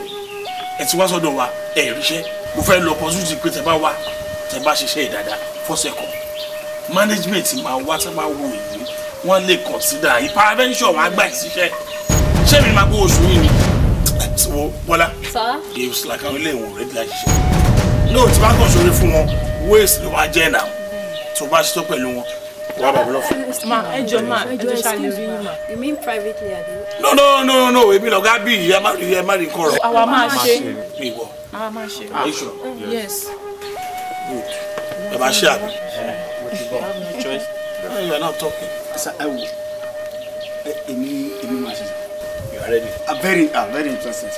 Ẹ ti wá sọ́dọ̀ wa, ẹ ríṣẹ́ mo fẹ́ lo opportunity pé tẹ bá wá tẹ bá ṣiṣẹ́ ìdáadáa fọ́sẹ̀ management máa wá tẹ bá wo èyí wọ́n lè consider hypervention wọn á gbà ìṣiṣẹ́ ṣé mi máa gbó oṣù yìí ni wo bọ́lá èyí ṣìlàkà ilé ìwọ̀n rẹ̀ bí ṣiṣẹ́ náà bá kàn ṣoore fún wọn waste ló wá jẹ́ náà tó bá ṣiṣẹ́ pẹ̀lú wọn God of love. Ma, ẹjọ ma, ẹjọ ṣàlẹ̀ rí ma. You mean privately abi? No no no no, èmi lọ̀gá bí yìí, ẹ má rí ẹ má rí kọ̀rọ̀. Àwa máa ṣe. Mi wọ. Àwa máa ṣe. Are you sure? Yes. Good. Ẹ máa ṣe àbí. Mo ti bọ̀. No, you are not talking. Sir, ẹ wo, èmi èmi máa ṣe. You are ready. I'm ah, very I'm ah, very interested.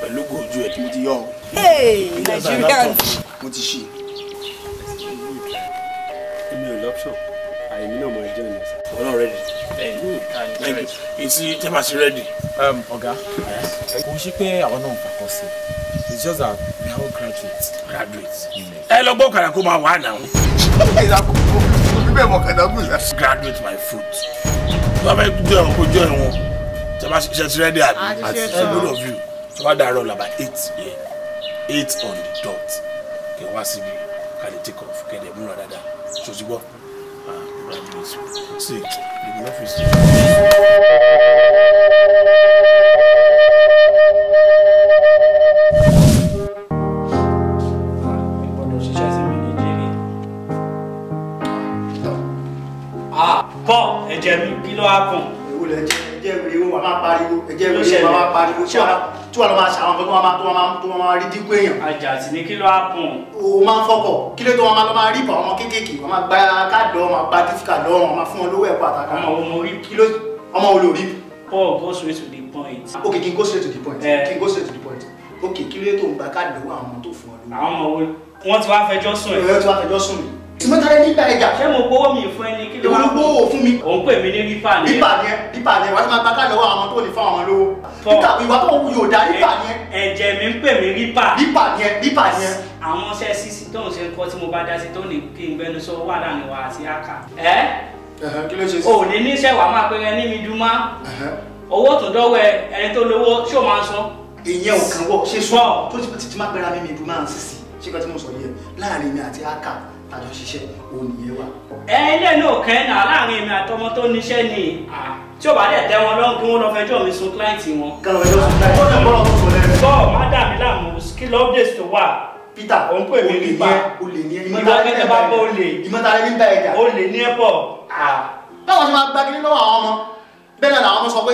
Pẹ̀lú ojú ẹ̀. Mo ti yọ. Hey, Nigerians. Mo ti ṣe. Èmi ò lọ́pṣọ̀ èmi náà máa jẹun ní ọ̀sán. ọlọ́run rẹ́dì. thank you etí tẹ́ bá ṣe rẹ́dì. ọ̀gá kò ṣe pé àwọn náà ń fakọ sí i it's just that we are all graduates. graduates. ẹ lọ gbọ́ kàdà kó máa wà náà. ìyàkùnkùn òbí bẹ́ẹ̀ mọ̀ kàdà gùn. graduate my foot. bá bá jọ ẹ̀wọ̀n kó jọ ẹ̀wọ̀n tẹ́ bá ṣe ti rẹ́dì àbí àti every of you tẹ́ bá dàrọ̀ làbà eight yẹn eight on the dot kẹ́ wá síbi kàdé take off kẹ́ dẹ̀ múra dáadáa ṣòṣìgbọ́ office see leave the office. bọ́ ah, ẹ̀jẹ̀ mi kí ló á kùn. èwo lẹ jẹ ẹ̀jẹ̀ mi èwo màmá pariwo ẹ̀jẹ̀ mi èwo màmá pariwo tí wọ́n lọ máa ṣàwọn pé wọ́n máa tó wọ́n máa tó wọ́n máa rí dínkù èèyàn. àjà sì ní kí ló á pọ̀n. o máa ń kí ló tó wọ́n máa lọ máa rí ìbọn ọmọ kéékèèké wọ́n máa gba káàdì wọn máa gba dífíkà lọ́wọ́ wọn máa fún wọn lówó ẹ̀kọ́ àtàkà. ọmọ wo mo rí kí ló ọmọ wo ló rí. Paul go straight to the point. ok kí n go straight to the point. Eh. kí n go straight to the point. ok kí ló tó ń gba káàdì lọ́wọ́ àwọn tó fún ọ lówó. àwọn ọmọ wo wọ́n ti wá fẹjọ́ sùn ẹ̀ tìmọ́tà rẹ nígbà ẹja. ṣé mo gbowó mi fún ẹni kí ló wá. ìwúlò gbowó fún mi. òun pè mí ní rífà ní. rífà ní ẹ rífà ní ẹ wàá ti máa gbàgbà lọ́wọ́ àwọn tó lè fún àwọn lówó. rífà ìwà tó wù yóò dá rífà ní ẹ. ẹ̀jẹ̀ mi ń pè mí rífà. rífà ní ẹ rífà ní ẹ. àwọn ṣe sísí tó ń ṣe ń kọ́ tí mo bá dá sí tó ní kí n gbẹnu sọ wà láàrin wa àti àkà. ẹ kí ló ṣe sí. òní níṣẹ́ wàá máa pẹ́rẹ́ ní mi dúmá owó tó àjọ ṣiṣẹ́ ònìyẹn wa. ẹ náà kẹ́ náà láàrin èmi àtọmọ tó níṣẹ́ ni tí ó bá dẹ̀ tẹ́ wọn lọ́n kí lọ fẹjọ́ mi sun kíláǹtì wọn. kẹlẹ ọjọ́ sun kíláǹtì wọn. bọ́ọ̀ bọ́ọ̀ má dà mí láàmú skill updates tó wà. Peter òun pè mí nípa olè ní ní ẹ̀bá bọ́ olè ní ẹ̀bá ní ẹ̀bọ̀. báwo ṣe máa gbagilé lọ́wọ́ àwọn ọmọ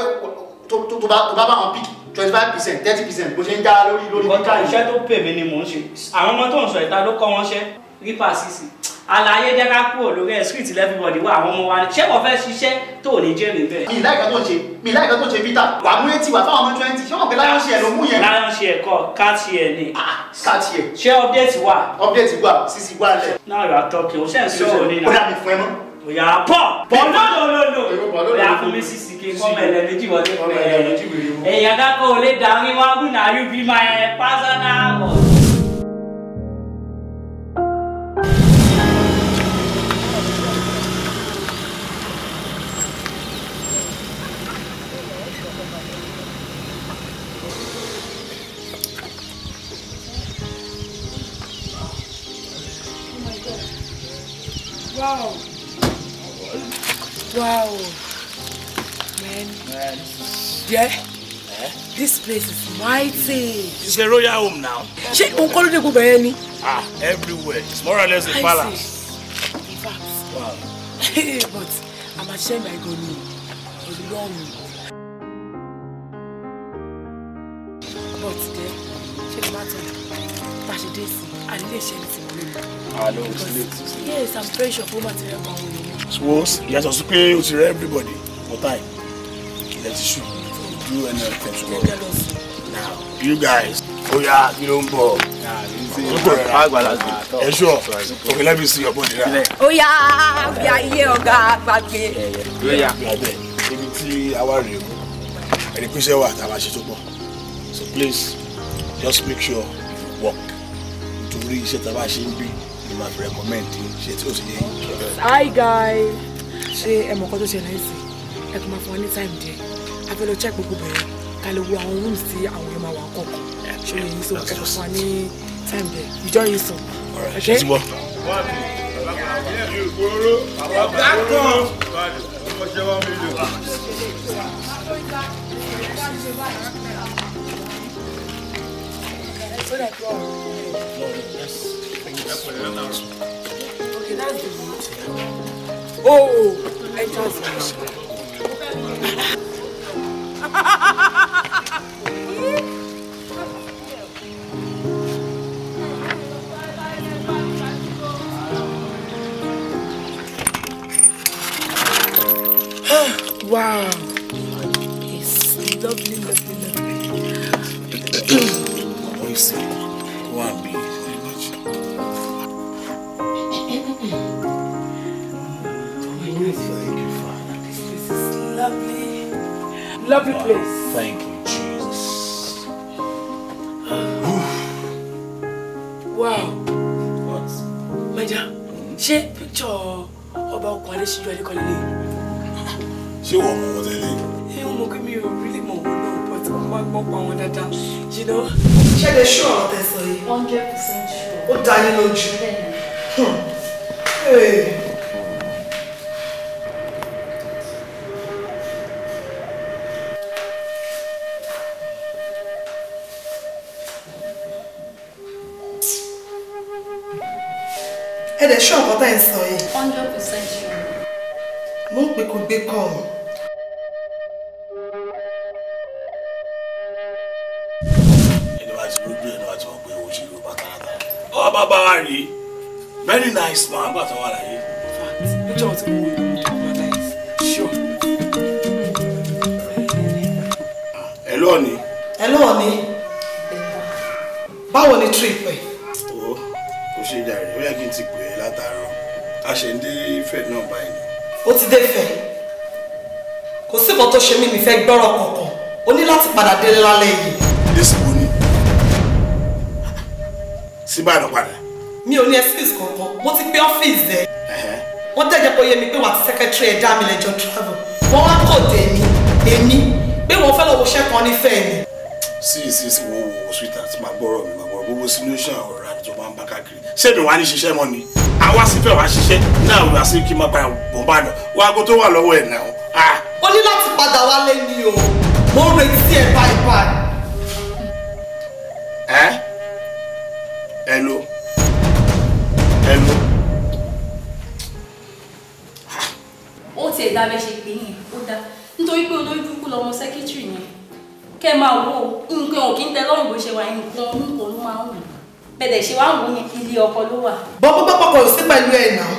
twenty five percent thirty percent bó ṣe ń dá lórí lórí bíkà yìí. iṣẹ́ tó pè mí ni mò ń ṣe àwọn ọmọ tó ń sọ ìta ló kọ́ wọn ṣẹ́ rípa sísì àlàyé jẹ́ ká kúrò lórí ẹ̀ street level body wà àwọn ọmọ wa ni ṣé wọ́n fẹ́ ṣiṣẹ́ tó ní jẹ́ mi bẹ́ẹ̀. mi láìka tó ṣe mi láìka tó ṣe peter wà á mú etí wà fáwọn ọmọ twenty ṣé wọn pe lion share ló mú yẹn. lion share kọ cat share ni. Ah, cat share. ṣé update wà. update wà sisi wà lẹ. now you are talking o ṣe ń sọ̀rọ̀ ní náà. ó dà mí fún ẹ mọ́. òyà pọ̀ pọ̀ lọ́lọ́lọ́lọ́ òyà fún mi sísì kí n kọ́mọ ẹlẹ́mẹ́jì wọlé fún ẹ. èèyàn dákọ̀ ò lè dàrí wá gùn náà yóò bí máa ẹ pásánà Wow. Man. Man. Yeah. This place is mighty. It's a royal home now. She òun kọ́ ló dé gbogbo ẹyẹ Ah, everywhere. It's more or less a palace. In fact. Wow. But I'm ashamed I go new. I long But there, she matter n bá tọ̀? Bá ṣe dé sí, àní lè Ah, no, it's late. Yes, I'm very sure fún material kan wọ̀nyí. Suppose ìyá sọ sí pé o ti rẹ everybody for time. Ilẹ̀ ti ṣù. Do any of them tomorrow. Now you guys. Oya kí ló ń bọ̀? Ẹ ṣọ́ òkè lẹ́bi sí ọ̀pọ̀ ìdíra. Oya fi ayé ọ̀gá gbàgbé. Oya gbàgbé. Ibi tí a wá rèé o, ẹni pèsè wà tá a máa ṣe tó pọ̀. So please just make sure you work. Nítorí iṣẹ́ tá a bá ṣe ń bí mo máa bẹ̀rẹ̀ moment ṣe tí o sì yẹ. hi guys ṣé ẹ mọ̀ kọ́ tó ṣẹlẹ̀ ẹ̀sìn ẹ kò máa fún wa ní time díẹ̀ a fẹ́ lọ check gbogbo bẹ̀rẹ̀ ká lè wo àwọn rooms tí àwọn èèyàn máa wà kọ̀ọ̀kan ṣé èyí sọ ẹ kò fún wa ní time díẹ̀ ìjọ yìí sọ. ṣe ti wọ. Thank you. Oh, that's the Oh, I just wish. wow. It's lovely, lovely, lovely. what do you see? Lovely God, place. Thank you, Jesus. wow. What? Major, ṣé picture about ọkọ̀ she Adékọ́lé lè? Ṣé She mọ̀ wọ́n tẹ́lẹ̀? Ẹ ń mọ̀ pé mi ò rí lè mọ̀ wọ́n but wọ́n máa gbọ́ pa wọn dáadáa. You know? Ṣé lè ṣú ọ̀rọ̀ tẹ̀sán yìí? Hundred percent sure. What Daniel yín lójú. Bẹ́ẹ̀ni. Hmm. ẹ dẹ̀ ṣọ́ nǹkan tá sọ yìí. hundred percent sure. mo ń pè kó gbé kọ́ ọ. ẹni wàá ti rúgbìn ẹni wàá ti wọ́n pé òṣèlú bàtàlàtà ọ bàbá wa rèé very nice man àgbà tó wà láyé. ìjọ tí mo wọ ìlú tó wà láyé. ẹ lọ́ọ̀ni. ẹ lọ́ọ̀ni. báwo ni trip ẹ̀. a ṣe ń dé Ifẹ̀ náà báyìí. ó ti dé Ifẹ̀ kò sí nǹkan tó ṣe mí mi fẹ́ gbọ́rọ̀ kọ̀ọ̀kan o ní láti padà délé lálẹ́ yìí. lẹ́sìn wo ni síbàdàn padà. mi ò ní excuse kankan mo ti pé ọ́fíìsì ẹ̀ wọ́n tẹ̀jẹ̀ kó yé mi pé wà á ti secretary ẹ̀dá mi lẹ́jọ́ travel wọ́n wá kò dé mi èmi pé wọ́n fẹ́ lọ́wọ́ iṣẹ́ kan nífẹ̀ẹ́ mi sí sí sí wo wo sweetheart máa gbọ́rọ̀ mi máa gbọ́rọ̀ gbogbo solution ọ̀rọ̀ àti tó máa ń bá káàkiri ṣé mi wàá ní ṣiṣẹ́ mọ́ ni. àwa sì fẹ́ wá ṣiṣẹ́ náà wá sí kí n má gba bòbánu wá ago tó wà lọ́wọ́ ẹ̀ náà. ó ní láti ni o mo ń retí ẹ báyìí báyìí. ẹ ẹ lo ẹ lo. ó tiẹ̀ dá bẹ́ẹ̀ ṣe pé yìí ó dá nítorí pé olórí lọmọ sẹ́kítírì yẹn kẹ́ ẹ máa wò ó nǹkan bẹ̀rẹ̀ ṣe wá wò ní ilé ọkọ ló wà. bọ́pọ́pọ́pọ́ kò sí pẹ̀lú ẹ̀ náà.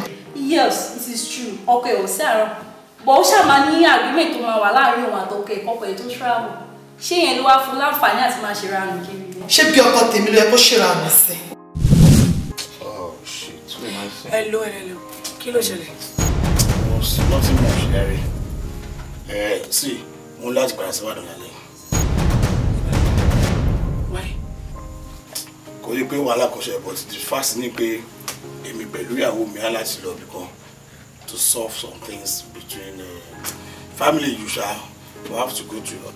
yes it is true ọkọ ẹ̀ ò sí àárọ̀ bọ̀ ó ṣàmà ní agreement tó máa wà láàrin òun àtọkọ ẹ̀ kọ́kọ́ ẹ̀ tó travel ṣé yẹn ló wá fún láǹfààní àti máa ṣe ranù kiri. ṣé bí ọkọ tèmi ló yẹ kó ṣe ranù sí. ẹ lo ẹ lo kí ló ṣẹlẹ̀. Eh, mo sì lọ́ọ́ sí mi àṣeyọrí ẹ sí mo láti padà síwájú lálẹ́ kò yí pé wàhálà kò ṣẹlẹ̀ but the fact ni pé èmi pẹ̀lú ìyàwó mi á láti lọ bìkan to solve some things between uh, family you shall we have to go to your.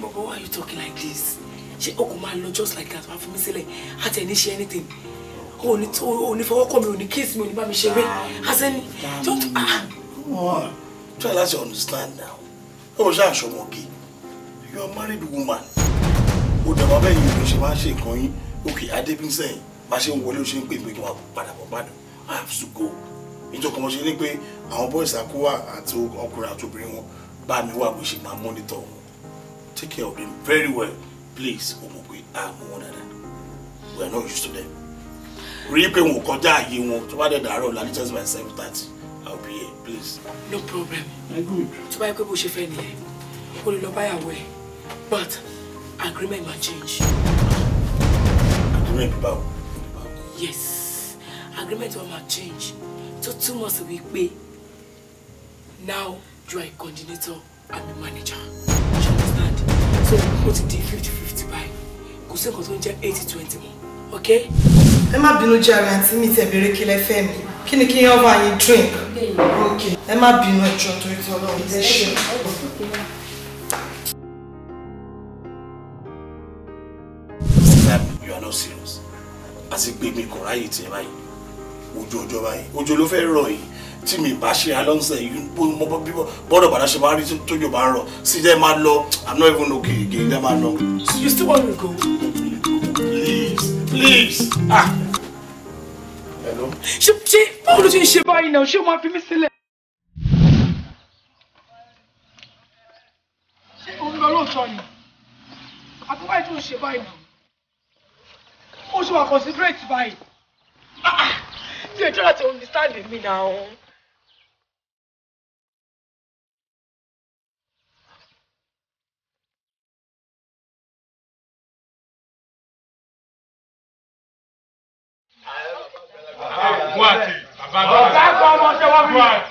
but why you talking like this ṣe o kò máa lọ just like that wàá fún mi sílẹ̀ àti ẹni ṣe anything o ní tó o ní fọwọ́ kọ́ mi o ní kiss mi o ní bá mi ṣe wé as any don't ah. come on try láti understand now o ṣe àṣọmọge you are married woman o dàbọ̀ bẹ́ẹ̀ yìí ló ṣe máa ṣe nǹkan yín okay adébínsẹ́yìn bá ṣe ń wọlé ó ṣe ń pè mí kí wọ́n padà bọ̀ bàdàn i have to go ìjọkọ̀ wọn ṣe ní pé àwọn boys àkówà àti ọkùnrin àti obìnrin wọn bá mi wà bó ṣe máa mọ́nítọ̀ wọn take care of them very well please o mọ̀ pé a mọ̀ wọn dáadáa we are not used to them rí pé wọn ò kọjá àyè wọn tó bá dẹ̀ dàárọ̀ la ní just by seven thirty i will be here please. no problem tó bá yẹ pé bó ṣe fẹ́ nìyẹn o lè lọ báyàwó ẹ but agreement ma change agreement báwo. yes agreement wa máa change tó túmọ̀ sí wípé now you are a coordinator and a manager you understand so o ti di fifty fifty báyìí kò sí nǹkan tó ń jẹ́ eighty twenty mọ́ ok. ẹ má bínú jàre àǹtí mi tẹ̀ bèrè kí lẹ fẹ́ mi kí ni kí yẹn wá yín drink ok ẹ má bínú ẹjọ́ torí ti Ọlọ́run ẹ ṣe. not serious àti pé mi kàn ráyè tiẹ̀ báyìí ojú ọjọ́ báyìí ojú ló fẹ́ rọ̀ yìí tí mi bá ṣe alonso yìí mo bọ́dọ̀ bàdá ṣe máa rí tójú bá ń sí jẹ́ máa lọ i'm not even okay again jẹ́ máa lọ. so you still want me to go. please please ah. hello. ṣe ṣe báwo ló ṣe ń ṣe báyìí náà ṣé o máa fi mí sílẹ̀. ṣé òun lọ lóòótọ́ ni àbúrò àìtó ṣe báyìí náà ó ṣe wà considerate báyìí ah, ah. ṣe You try to understand me now. Buate, bàbá bàbá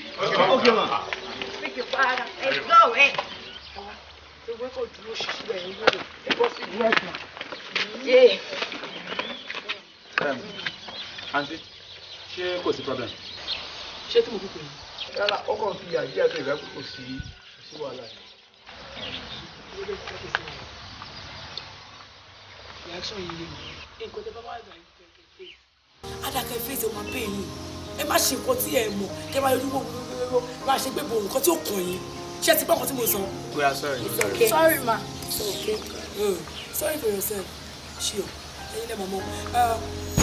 kò sí problem. ṣé tí mo kúkú yìí. rárá ó fi àjí àti ìrẹ́ kò sí sí wàhálà yìí. reaction yìí lè nǹkan tó bá wà gbà yìí fèsì. adàkẹ́ fèsì ọmọ pé yín ẹ má ṣe nǹkan tí ẹ mọ̀ kẹ máa yọjú wọ́wọ́wọ́wọ́ máa ṣe gbé nǹkan tí ó kàn yín ṣé ti gbọ́ tí mo sọ. we are sorry. it's okay sorry ma it's okay. Mm. sorry for yourself ṣe ẹyin lẹ mọ mọ. Uh,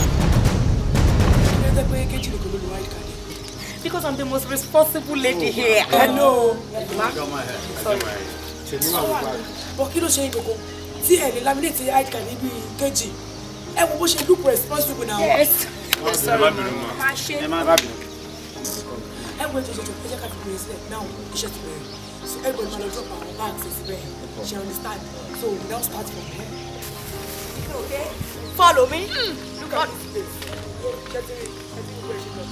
jẹ́ pé kejì nìkan ló lè wáyé kàdé. because i'm the most responsible lady oh, here. hello ma sorry. bọ̀ kí ló ṣe é gbogbo tí ẹ̀ lè laminate id card níbi kejì ẹ wo bó ṣe look responsible now. yes ẹ sọ̀rọ̀ ma ṣe é. ẹ wo ètò ìṣèjọba ẹ jẹ́ ká fi bèrè sílẹ̀ náà iṣẹ́ ti bẹ̀rẹ̀ so everybody ma lọ drop our bags síbẹ̀ she understand so we now start from here. okay follow me. Mm. look at this place ṣẹ́tìrì ṣẹ́tìrì gbé ṣe lọ.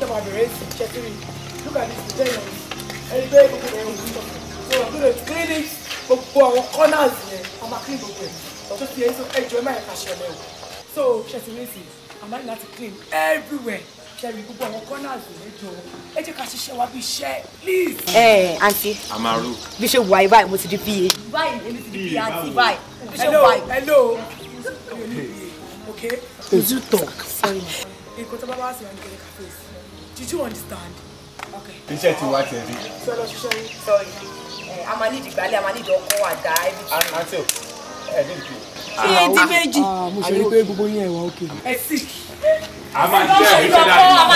ṣé máa bẹ̀rẹ̀ sí ṣẹ́tìrì look at this ìjẹ́ ìyẹn ẹni pé gbogbo rẹ̀ ń sọ so I'm gonna clean it gbogbo àwọn corners yẹn a máa clean gbogbo ẹ̀ ọ̀tún ti yẹn sọ ẹjọ́ ẹ má yẹn kàṣẹ ọ̀lẹ́ o so ṣẹ́tìrì sì a máa ní láti clean everywhere ṣẹ́rí gbogbo àwọn corners yẹn jọ ẹ jẹ́ ká ṣiṣẹ́ wa bí iṣẹ́ please. ẹ ẹ àǹtí Amaru bí ṣe wà báyìí mo ti di pa. báyìí èmi ti di pa àǹtí báyìí bí ṣe wà. hello hello okay. Would you talk? Sorry, ma'am. Nǹkan tó bá wá sí ọ̀nà kàfíìsì. Did you understand? Okay. Iṣẹ́ ti wá tẹ̀ rí. Sọlọ ṣiṣẹ́ yín. Sorry. A máa ní ìdìgbàlẹ̀, a máa ní ìdọ̀kọ̀ àdá ẹbí. Àǹtí ò, ẹ̀ ní ìdí. Ṣé ẹ di méjì? Ah, ah, ah, mo ṣe rí pé gbogbo yín ẹ̀wà òkè. Ẹ sì. A máa ṣiṣẹ́ ìṣẹ́ dáadáa.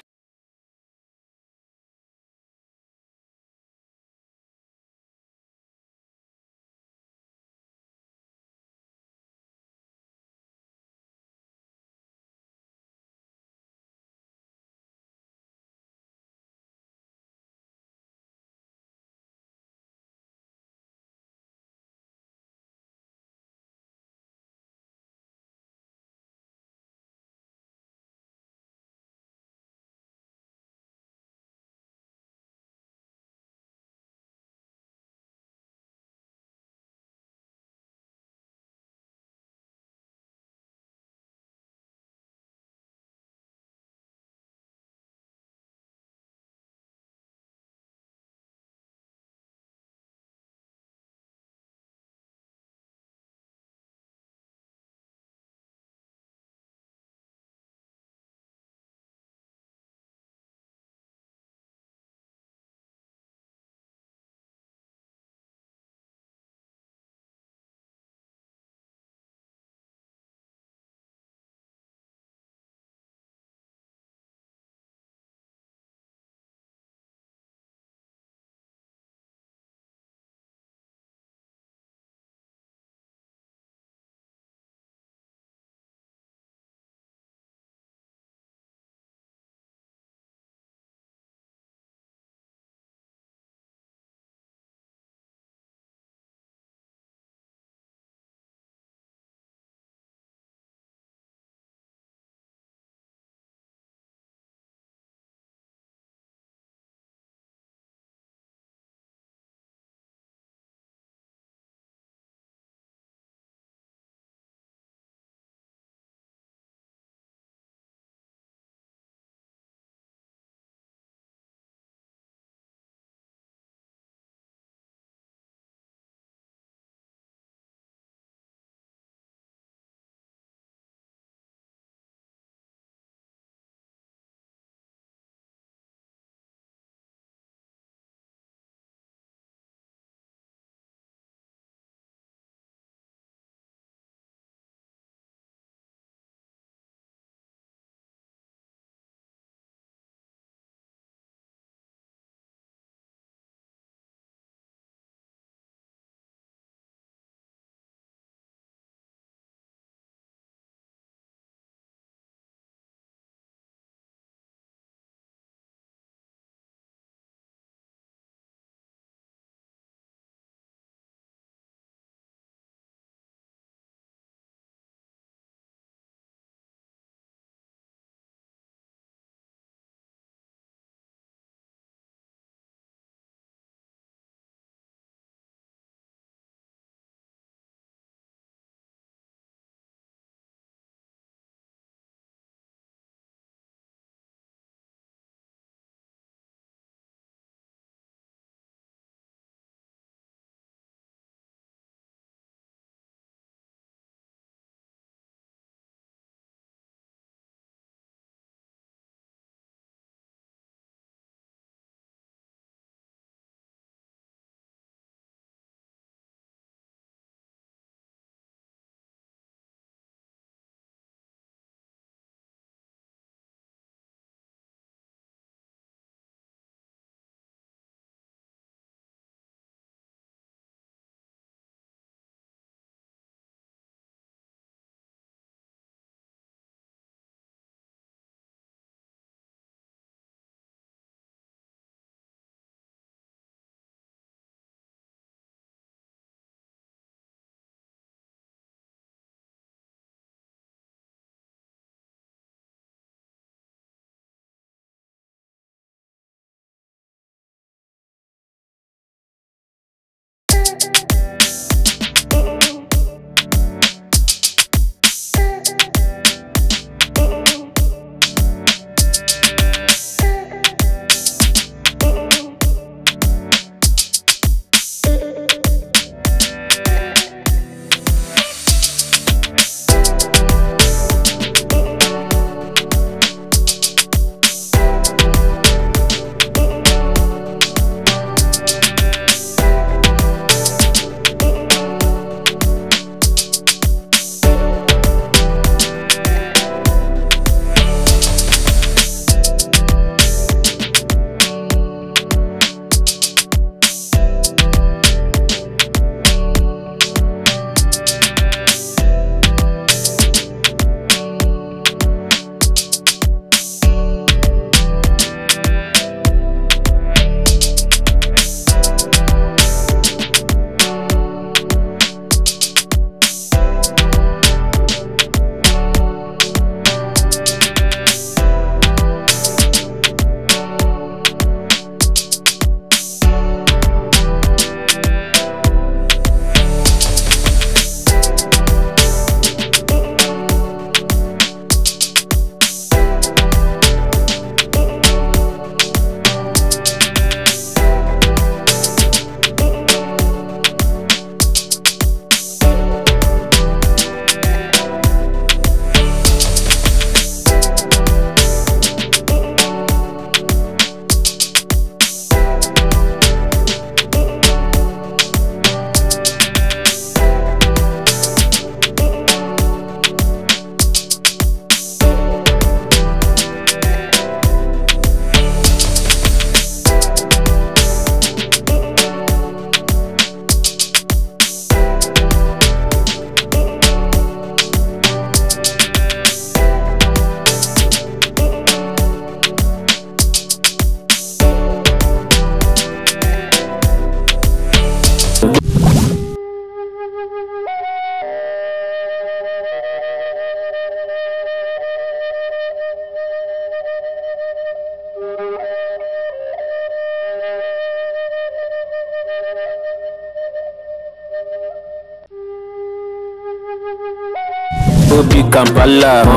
love.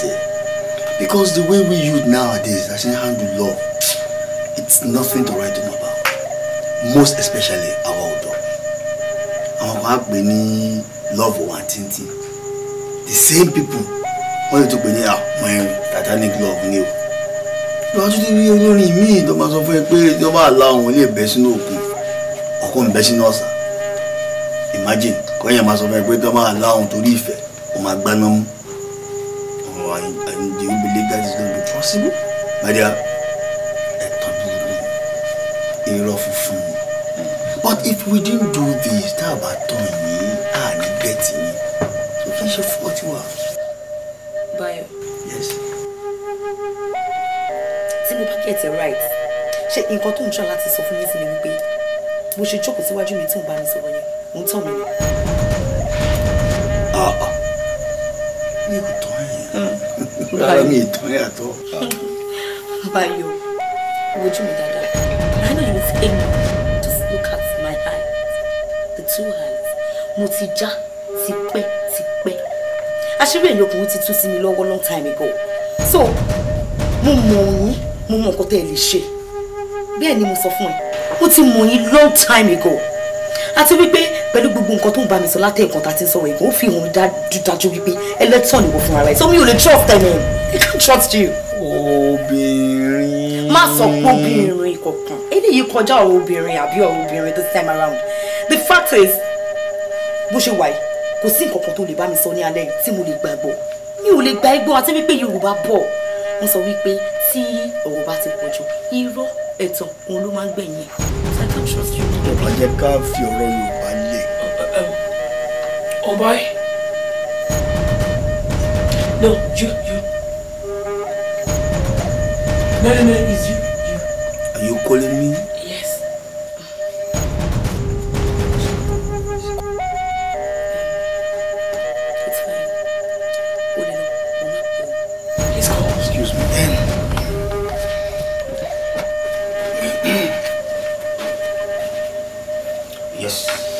realize Because the way we youth nowadays actually handle love, it's nothing to write home about. Most especially our ọ̀dọ́. Àwọn kan á pè ní love or tíntín. The same people wọ́n lè tún pè ní àpọ̀ ah, Titanic love ni o. Ìgbà tó ti rí olórin míì tó máa sọ fún ẹ pé tí wọ́n bá la òun lè bẹ́ sínú òkun, ọkùnrin bẹ́ sínú ọ̀sà. Imagine kọ́yìn máa sọ fún ẹ pé tí wọ́n bá la òun torí ìfẹ́, òun máa gbaná mú and, and do you believe that is going to be possible? My dear, a burúkú irọ́ funfun ni. But if we didn't do this, that about bá tán yìí, a ní gẹ̀tì ni. So kí n ṣe fọ́ọ̀tì Yes. Tí mo bá right, She in tó ń ṣọ́ láti sọ fún mi sí ni wípé mo ṣe jókòó síwájú mi tí mo bá mi sọ̀rọ̀ yẹn, mo ń tàn rárá mi ìtàn yàtọ̀. Bayo, wojú mi dáadáa. I know you will fail me. Just look at my eyes, the two eyes. Mo ti já tipẹ́ tipẹ́. Aṣírí èyí ọkùnrin ti tú sí mi lọ́wọ́ long time ago. So, mo mọ̀ yín, mo mọ̀ nǹkan tẹ́ ẹ lè ṣe. Bẹ́ẹ̀ ni mo sọ fún ẹ, mo ti mọ̀ yín long time ago. Àti wípé pẹ̀lú gbogbo nǹkan tó ń bá mi sọ látẹ̀ nǹkan ti sọ̀rọ̀ ìgbọ̀n fi hàn dáadáa dájú wípé ẹlẹ́tàn ni mo fún ara ẹ̀ so mi ò trust ẹni I eh. can't trust you. obìnrin. má sọ pé obìnrin kankan eléyìí kọjá ọ̀rọ̀ obìnrin àbí ọ̀rọ̀ obìnrin this time around the fact is bó ṣe wà yìí kò sí nǹkan kan tó lè bá mi sọ ní alẹ́ tí mo lè gbàgbọ́ mi ò lè gba ẹgbọ́n àti wípé Yorùbá bọ̀ wọ́n sọ wípé tí ọ̀rọ̀ bá ti pọ̀ jù irọ́ ẹ̀tàn òun ló máa ń gbẹ̀yìn I can't trust you. ọba jẹ ká fi ọ̀rọ̀ Yorùbá lé. No, you, you. No, no, no, it's you, you. Are you calling me? Yes. It's fine. Please call. Excuse me. yes.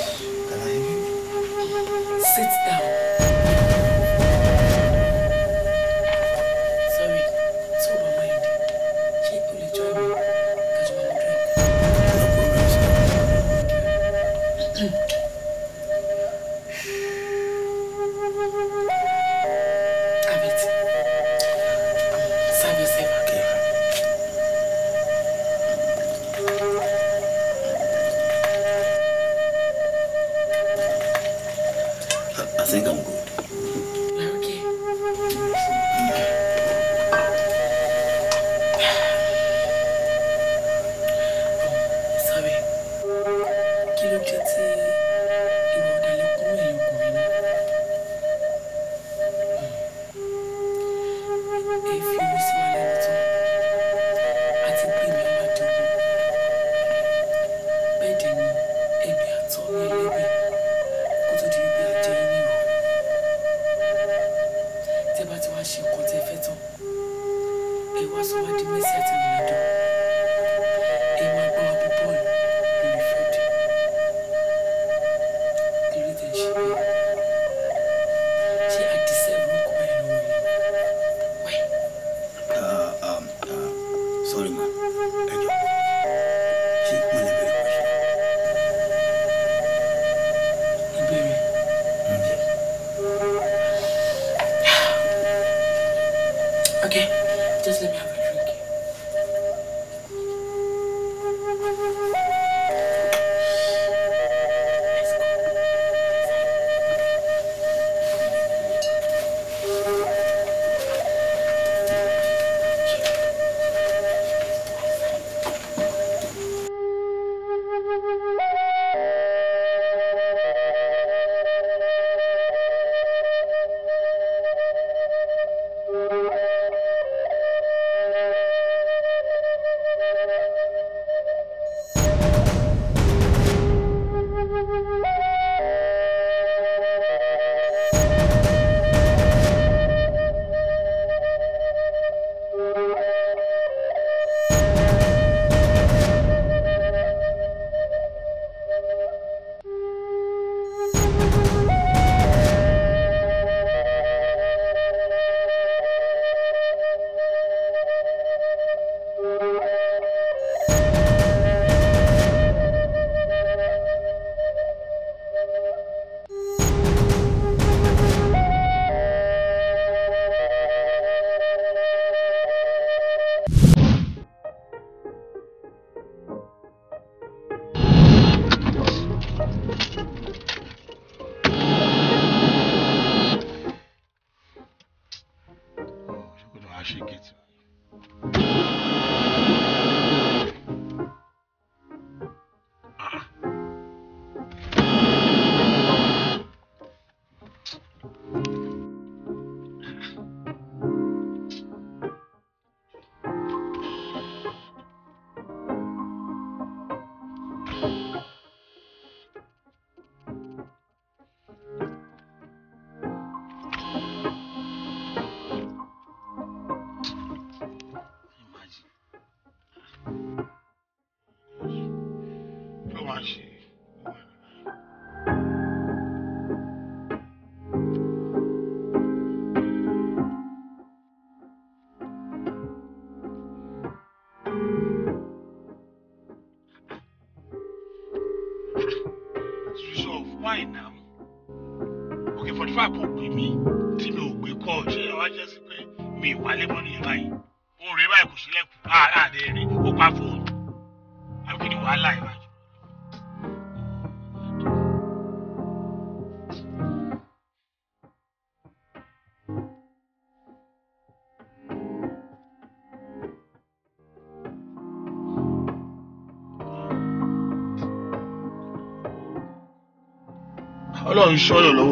sọ̀rọ̀ lọ́wọ́.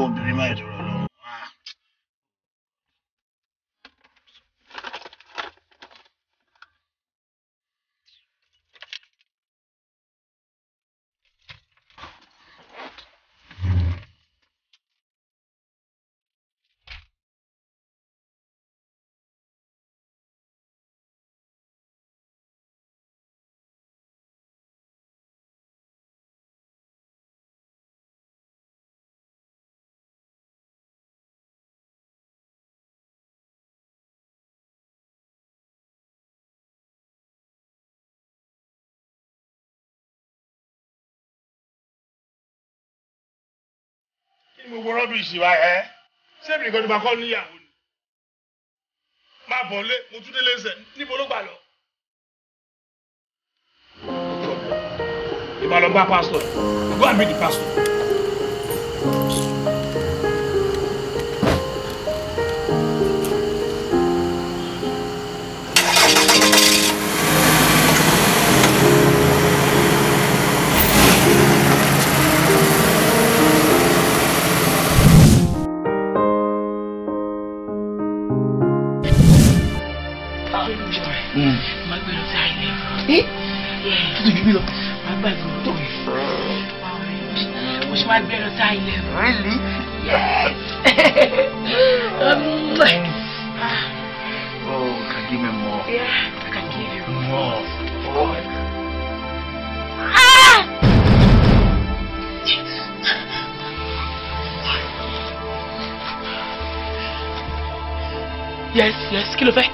gbogbo rọ́bìṣì wa ẹ́ eh? sẹ́mi nìkan ni màá kọ́ níyàwó ni máa bọ̀ lé mo tún délé sẹ̀ níbo ló gbà lọ. ìbálòpá pásítọ̀ go and meet the pastor. as well as I Really? Yes. um, oh, you can give me more. Yeah, I can give you more. More. Ah! Yes, yes, Kilove.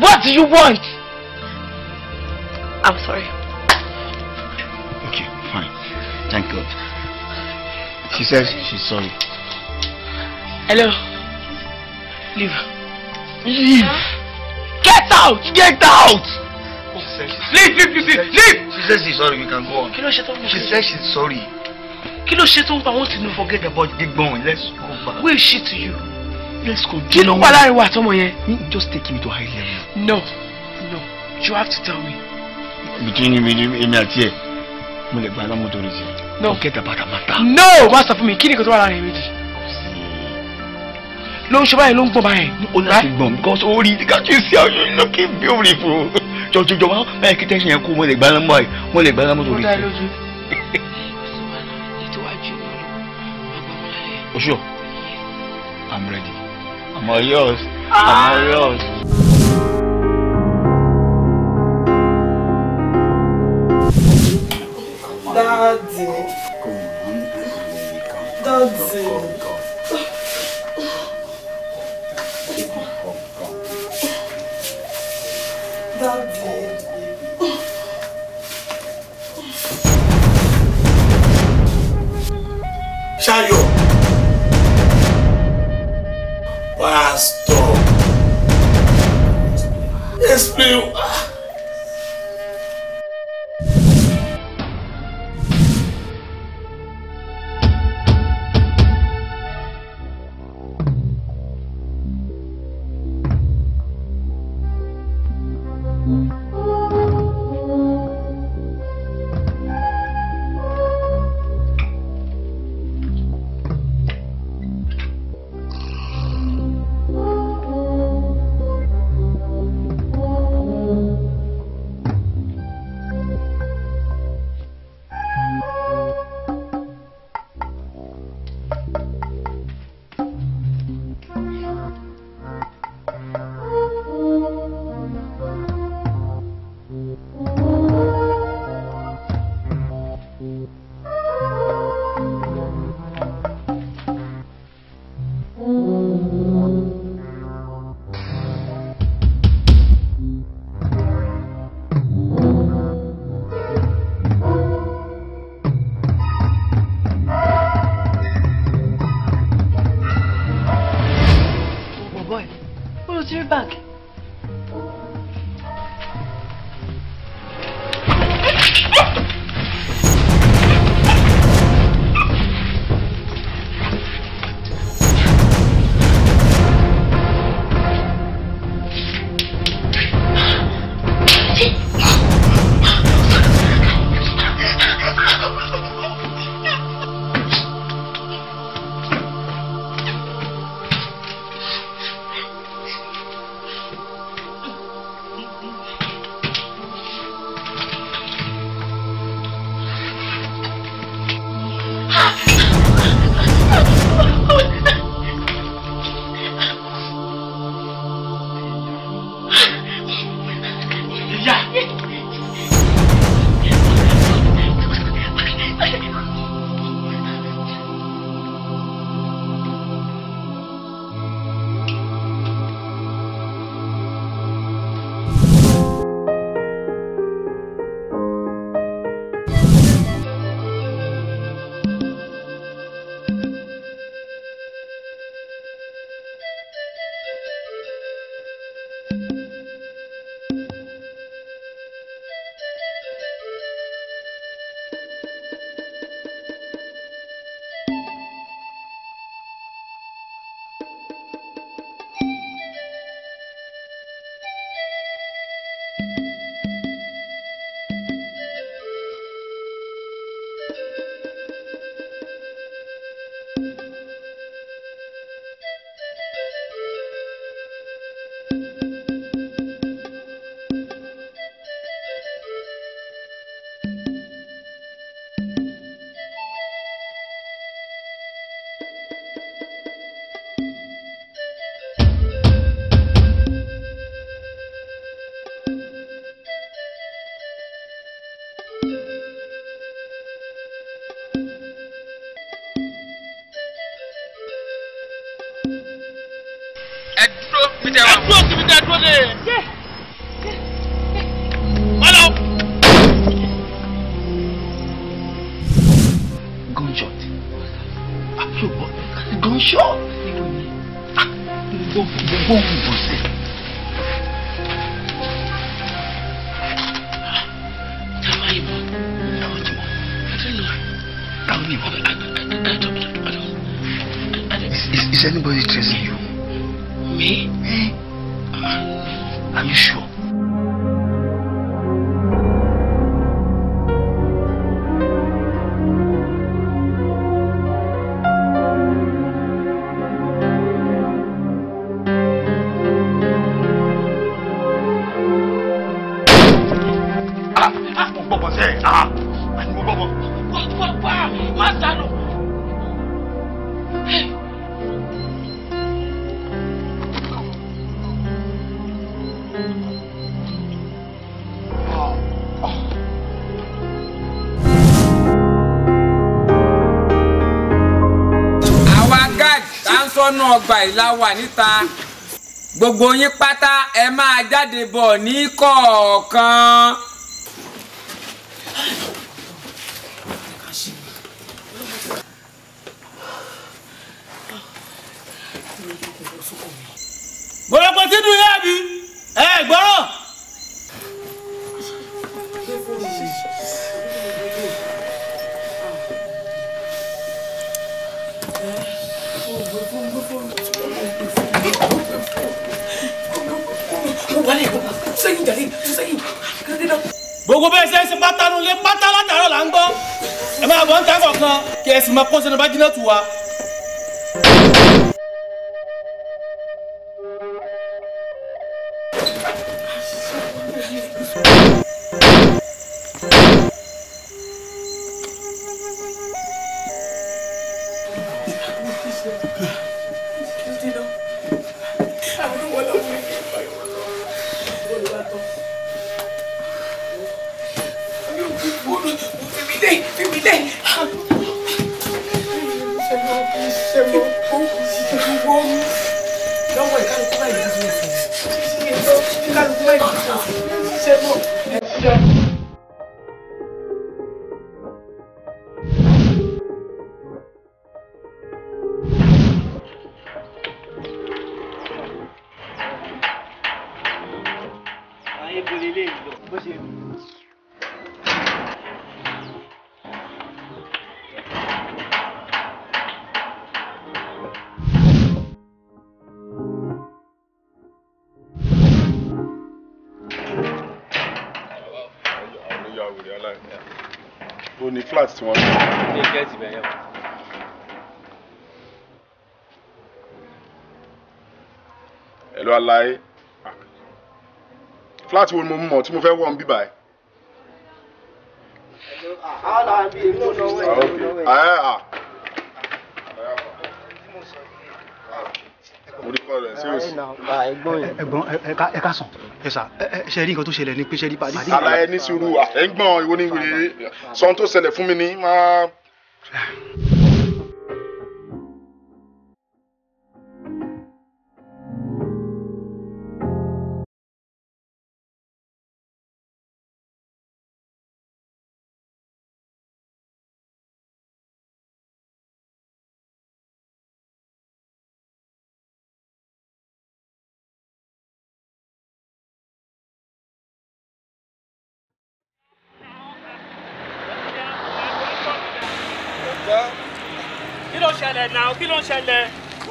What do you want? She says she's sorry. Hello. Leave. Leave. Huh? Get out! Get out! leave, leave, leave, leave, She says she's sorry, we can go on. Kí ló She says she's sorry. Kí ló ṣe tó ń I want to Forget about Bone. Let's go back. Where is she to you? Let's go. Kí ló wà Just take me to high level. No, no, you have to tell me. Between me, me, me, me, me, me, me, me, me, me, me, me, no kẹta bàtàbàtà. no má sọ fún mi kí ni kò tó wà láàrin méjì. ló ń ṣe báyìí ló ń gbọ́n báyìí. o láti gbọ̀n because o rí can't you see how you looking beautiful. jọjọjọ wọn báyìí kí tẹ́sán yẹn kú wọn lè gbá lámọ́ àyè wọn lè gbá lámọ́ tó rí ti. oṣù i'm ready i'm yours i'm all ah! yours. Daddy. Go on, Daddy. Daddy. Pastor. ọgbà ìlàwà níta gbogbo yín pátá ẹ máa jáde bọ̀ ní kọ̀ọ̀kan. wa. Fimi lẹ́yìn, 啊！羡慕。láéláé fúláàtì wo ni mo mọ̀ tí mo fẹ́ wọ̀ ń bíbà ẹ̀. ẹ̀gbọ́n ẹ ká sàn ẹ sà ṣe rí nǹkan tó ṣẹlẹ̀ ni pé ṣe rí padì. àlàyé ní sùúrù ah, ẹ̀gbọ́n ìwọ ni eh, sọ́n tó ṣẹlẹ̀ fún mi ní máa.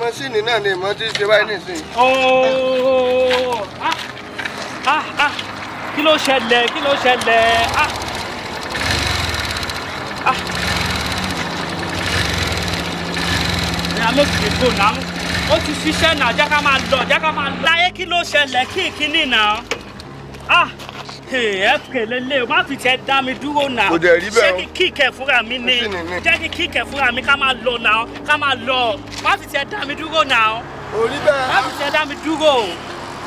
mọ́ṣíìnì náà ni ìmọ̀ tí ń ṣe báyìí nísìnyí. ooo ah ah, ah kí ló ṣẹlẹ̀ kí ló ṣẹlẹ̀ ah ah. ìyá náà ó ti ṣiṣẹ́ náà jẹ́ ká máa lọ jẹ́ ká máa lọ. láyé kí ló ṣẹlẹ̀ kí ìkíní náà ah ẹ kèlélẹ o má fi tẹ dá mi dúró náà kò dẹ̀ rí bẹ́ẹ̀ o ṣé kí kíkẹ́ fúnra mi ni jẹ́ kí kíkẹ́ fúnra mi ká máa lọ náà ká máa lọ má fi tẹ dá mi dúró náà orí bẹ́ẹ̀ má fi tẹ dá mi dúró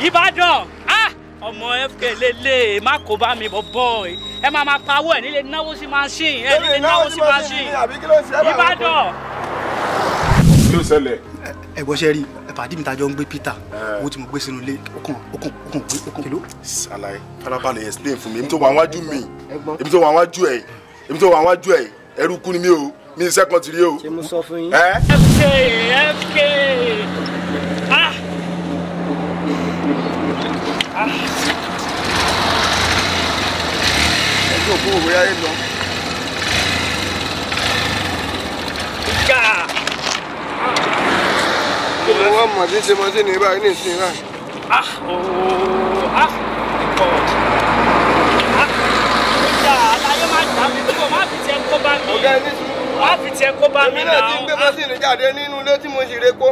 Ìbàdàn ah! ọmọ fk lélẹ̀ má kó bá mi bọ̀ bọ̀ ẹ máa máa pawọ́ ẹ̀ nílé náwó sí machine ẹ nílé náwó sí machine Ìbàdàn. kí ló ṣẹlẹ̀. ẹ gbọ́ sẹ́rí pàdé mi tàjọ ń gbé Peter eh. owó tí mo gbé sínú ilé okùn okùn okùn gbé okùn. kìló. ṣàlàyé farabalẹ̀ explain fún mi èmi tó wà wájú mi èmi tó wà wájú ẹ̀ èmi tó wà wájú ẹ̀ ẹrú ni mi o mi ní sẹ́kọ̀ọ́ ti o. ṣé mo sọ fún yín. Eh? fk fk ah ah. ẹjọ́ òkú òwe ayé lọ. wọ́n mọ̀ bí ṣe mọ́tì ní báyìí ní ìsìn báyìí. ah ooo oh, ah ikọ̀ ah ìjà àlàyé máa jà mí tó má fi tiẹ̀ kó bá mi má fi tiẹ̀ kó bá mi náà. èmi náà ti ń gbé mọ́sìnì jáde nínú ilé tí mo sì re kó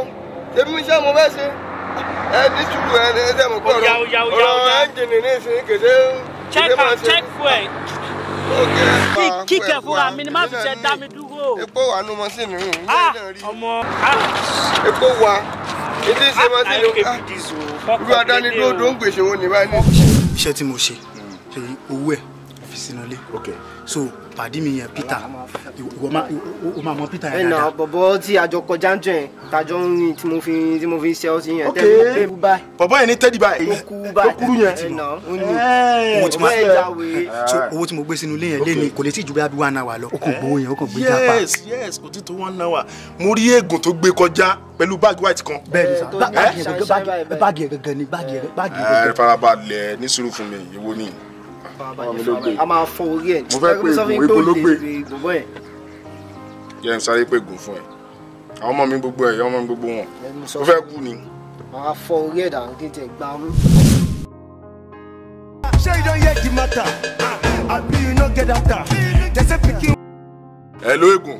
èmi iṣẹ́ mo fẹ́ ṣe ẹ ní sùúrù ẹ ní ẹsẹ̀ mo pọ̀ rọ ọ̀rọ̀ ẹ́ńjìnì ní ìsìn kèsè kèsè máa ṣe. check check mi ni má fi tiẹ̀ dá mi dúró o. epo wà nù mọ́sìnì rùn ní náà rí. ọmọ epo wà ètí ṣe mọ́sìnì rùn bí adáni dódó ń oh. gbèsè wọn ní báyìí. iṣẹ́ tí mo ṣe ṣe owó ẹ̀ fi sínú ilé so pàdé mi yẹn Peter o máa mọ Peter yẹn dáadáa. ẹnà bọ̀bọ̀ tí àjọ kọjá ń jọ yẹn tàjọ ń rìn tí mo fi tí mo fi ń ṣe ọtí yẹn tẹ́lẹ̀ kú báyìí. bọ̀bọ̀ yẹn ní tẹ́lẹ̀ báyìí ló kúrú yẹn. owó tí mo owó tí mo gbé sínú ilé yẹn lé ní kò lè tí ju bí abiy one hour lọ o kò gbowó yẹn o kò gbé jápa. yes yes kò tí tó one hour mo rí eégún tó gbé kọjá pẹ̀lú báàgì white kan. bẹ́ẹ̀ni sá eh, báàgì yẹn gẹ́gẹ́ ni báàgì yẹn gẹ́gẹ́ ni. ẹ farabalẹ̀ ní sùúrù fún mi ìyẹwò ni a máa fọ orí ẹ̀. mo fẹ́ pé egun egun ló gbé yẹ n sáré pé egun fún ẹ àwọn ọmọ mi gbogbo ẹ ọmọ mi gbogbo wọn mo fẹ́ kú ni. màá fọ orí ẹ̀ dànù kí n tẹ̀ ṣé you don hear the matter abi ah, you no get after dem pikin. ẹ ló egun.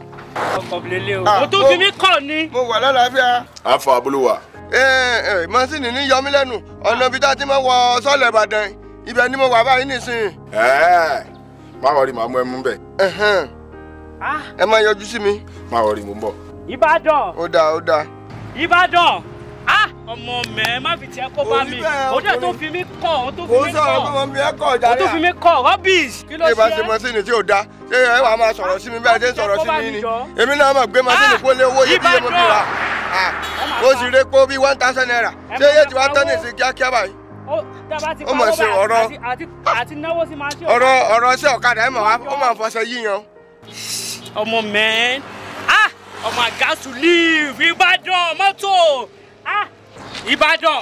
ọkọ̀ lélẹ̀ o ah, mo tún fi mí kọ̀ ni. mo wà lálàáfíà. àfọ abúlé wa. Eh, ẹ eh, ẹ mọ́sìnì ní yọmí lẹ́nu ọ̀nà ibi tá a ti máa wọ sọ́ọ̀lẹ̀ ìbàdàn ibẹ̀ ni mo wà báyìí nísìnyí. ẹ má wọrí màá mú ah. ẹ mú bẹ. ẹ má yọjú sí mi. má wọrí mo ń bọ̀. ìbàdàn. ó dáa ó dáa. ìbàdàn ah, ọmọ mẹ má fi tiẹ̀ kó bá mi o dẹ tó fi mí kọ o tó fi mí kọ o tó fi mí kọ rubbish. kí ló ṣe é. ìbáṣe mọ́sínì tí ò da ṣé ẹ wàá máa sọ̀rọ̀ ah, sí mi bẹ́ẹ̀ ṣe ń sọ̀rọ̀ sí mi ni èmi náà máa gbé mọ́sínì kó lé owó yìí bí èmi fi rà ó sì rẹ́ pé one thousand naira ṣé yé ti wá tán ní ìsìn kíákíá báyìí ó mọ̀ ṣe ọ̀rọ̀ ọ̀rọ̀ ọ̀rọ̀ ṣe ọ̀kadà ẹ̀ mọ̀ wá ó mọ̀ fọṣọ yíyan. ọmọ mẹ́ẹ́n ah! ọmọ àgàtù leave Ìbàdàn mọ́tò ah! Ìbàdàn. Ìbàdàn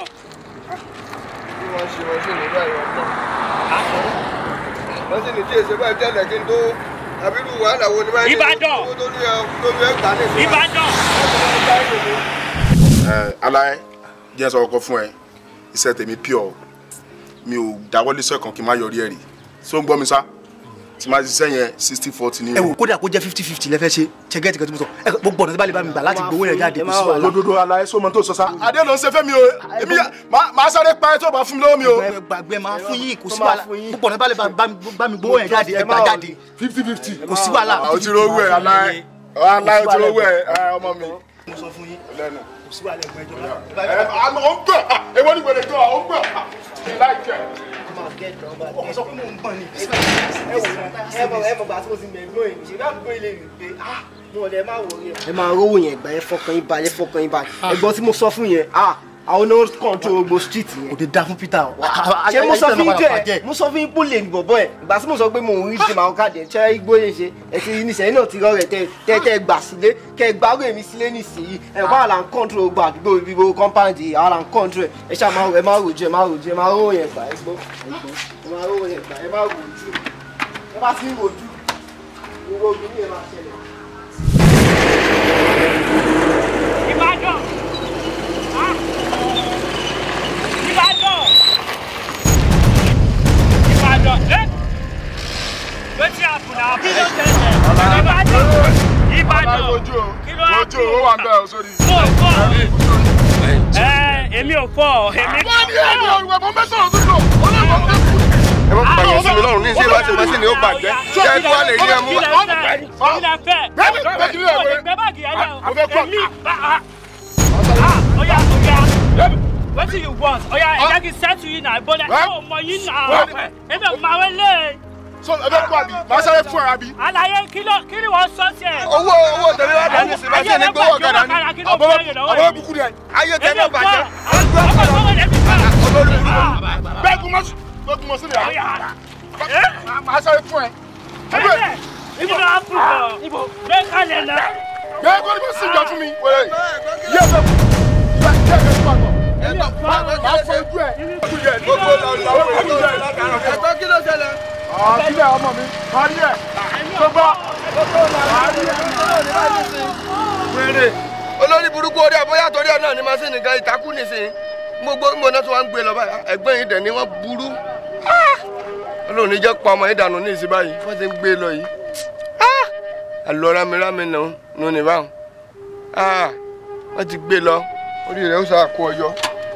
owó tó sọ ọkọ fún ẹ iṣẹ́ tèmi pure mi ò dáwọ́lé iṣẹ́ kan kí n má yọrí ẹ̀ rí so ń gbọ́ mi sá tí máa ṣiṣẹ́ yẹn sixty forty ni. ẹ wò kódà kó jẹ fifty fifty lẹfẹ ṣe ṣẹgẹ tìkẹtì mú sọ ẹ gbogbo ọ̀nà tí bá lè bá mi gbà láti gbowó yẹn jáde kó sí wàhálà. lódodo alaye sọmọ tó sọ sa adé ló ń ṣe fẹ́ mi o èmi máa sáré pa ẹ tó bá fún mi lọ́wọ́ mi o. gbàgbé máa fún yìí kó sí wàhálà gbogbo ọ̀nà tí bá lè bá mi gbowó yẹn jáde ẹ jáde fifty fifty kó sí wàhálà. o ti rówó ẹ alaye alaye o ti rówó ẹ ọmọ mi. mo sọ fún yín kò sí wàhálà ẹgbẹ́ ìjọba. àmọ́ ẹ mọ̀ ẹ yẹn. ẹ gbà ẹ fọkàn yín balẹ̀ fọkàn yín balẹ̀ ẹ̀gbọ́n tí mo sọ fún yẹn ah, àwọn oníwó kọ̀ǹtró gbogbo street yẹn. kò dé da fún Peter o. ṣé mo sọ fún kẹ mo sọ fún ipò lè ní bọ̀bọ̀ ẹ̀ ìgbà tí mo sọ pé mo ń rí ti màá káàdì ẹ̀ ṣẹ́ igbó yẹn ṣe ẹ̀ ti níṣẹ́ náà ti rọrẹ̀ tẹ́ tẹ́ gbà sílé kẹ́ gbárù èmi sílé nísìnyí ẹ̀ bá àlà ń kọ̀ǹtró gbogbo àdúgbò gbogbo kọ́ńpáǹdì àlà ń kọ̀ǹtró ẹ̀ ẹ̀ ṣáà máa máa rojú ẹ̀ máa rojú ẹ̀ máa rówó yẹn gbà ẹ̀ gbọ́ ẹ̀ máa rówó yẹn gbà ẹ̀ máa rojú ẹ̀ bá ti rojú gbogbo gbogbo yẹn máa ṣe Lan! Lọ́tí àbùnà wetin you want oya ẹ jẹ́ kí settle yín náà ìbọn ẹ ò mọ yín náà ọpẹ ẹ bẹ máa wẹ lé. so ẹ bẹ kú àbí màá sáré fún ara bí. àlàyé kìlọ̀ kí ni wọ́n sọ sí ẹ. owó owó tẹ̀lé wà dání sí bá tẹ̀lé gbowó ọ̀gá dání ọ̀bọ̀ bukú ni ayé tẹ̀lé bàjẹ́ bẹ́ẹ̀ kúmọ̀ sí bẹ́ẹ̀ kúmọ̀ sí ni à oh, màá eh? sáré fún ẹ. ibo ah, ibo bẹ́ẹ̀ kálẹ̀ náà. bẹ́ẹ̀ kọ́ ni mo sì jọ fún mi. yẹ fẹ́ kú yẹ fẹ́ kú àgbọ̀ ẹ̀gbọ́n kí ló ṣẹlẹ̀. àbílẹ̀ ọmọ mi parí ẹ̀ tó gbọ́ parí ẹ̀ wèrè olórí burúkú orí àbóyá torí ẹ̀ náà ni masini gan ìtakú nìsín gbogbo mbọnà tí wọ́n ń gbé lọ báyìí ẹ̀gbọ́n yìí dẹ̀ ni wọ́n burú ah! olóòní jẹ́ pa ọmọ yìí dànù ní ìsìn báyìí wọ́n ti ń gbé lọ yìí ah! àlọ́ rámirámi nù ní báwọn ah! wọ́n ti gbé lọ orí rẹ̀ ó sà kó ọyọ́.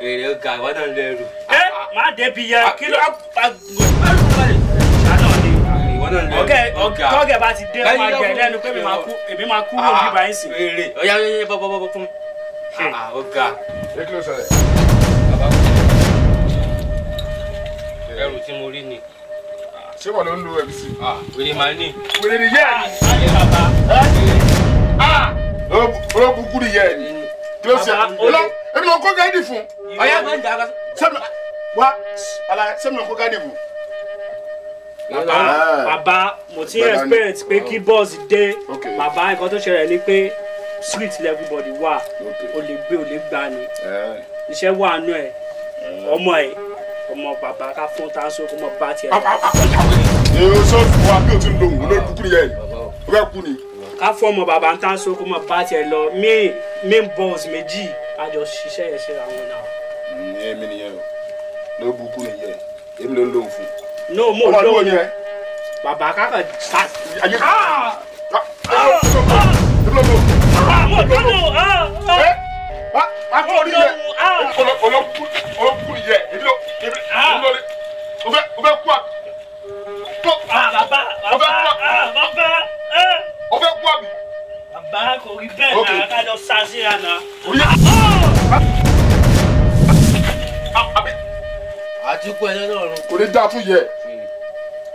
èrè ọgá ìwọ náà lẹ́rù. ẹ má débi yẹn kí ló ọgẹ ọgẹ bá ti dé máa jẹ lẹ́nu pé èmi máa kú lórí ibà yín sí. rere ọyá yẹyẹ bọ bọ bọ fún mi. ọgá. ṣé kí ló ṣẹlẹ̀. bàbá mi ẹrù tí mo rí ni. ṣé wọn ló ń lo mc. wèrè máa ní. wèrè ni yẹ́ẹ̀ ni. ayé bàbá. olóbùkún ni yẹ́ẹ̀ ni kílódé ọlọ èmi náà kó gáàdì fún ọyá sẹmi wa ala sẹmi náà kó gáàdì fún. Ah. bàbá mo ti expect pé kí bọ́ọ̀sì dé bàbá nǹkan tó ṣẹlẹ̀ ni pé street everybody wà o lè gbé o lè gbà ni eh. iṣẹ́ wà nù ẹ̀ eh. ọmọ ẹ̀ ọmọ bàbá ká fún tá a so kó mọ bá tiẹ̀. Ah, ah, èrò sọ́ọ̀tù wa bí o ti ń lo òun ló dúkúrú yẹn o bẹ́ẹ̀ kú ni ká fọmọ bàbá ń tán sókò mọ bá tiẹ̀ lọ main main boss méjì àjọ ṣiṣẹ́ yẹn ṣera wọn náà. ẹ mm, mi nìyẹn o ló bukú nìyẹn èmi ló ń lóhùn fún. no mo lóhùn yẹn bàbá kákan sa. ayé ká ah! ẹ ah! ah! ló lò. mo lóhùn ẹ a kò rí yẹ olókùn yẹ ebi ebi olórí o bẹ o bẹ kú a. bàbá bàbá bàbá o fẹ́ kú àbí. bàbá kò rí bẹ́ẹ̀ náà ká lọ sá síra náà. àti kú ẹ̀dá náà rún. kò ní dáa fún yẹ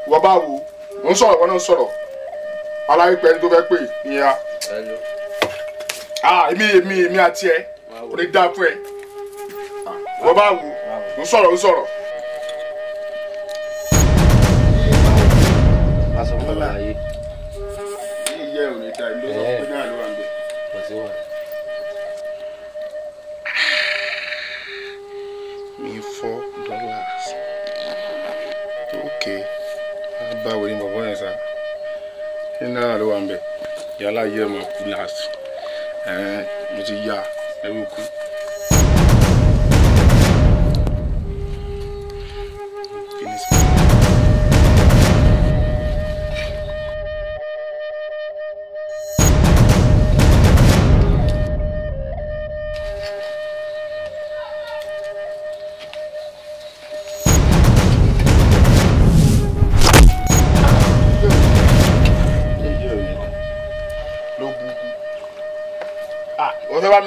wọ́n bá wo mò ń sọ̀rọ̀ wọn náà ń sọ̀rọ̀ aláìpẹ́ ẹni tó fẹ́ pè nìyà ah, èmi èmi èmi àti ẹ kò ní dáa fún ẹ wọ́n bá wo ń sọ̀rọ̀ ń sọ̀rọ̀. Passa por ò ní ta ìlú sọ eh. pé náà ló wà ń bẹ. kò sí wà. mi fọ́ dọ́là òkè ah, báwo ni bàbá yẹn sá ṣé náà ló wà ń bẹ yẹ mọ kúláàsì mo ti yá ẹrú kú.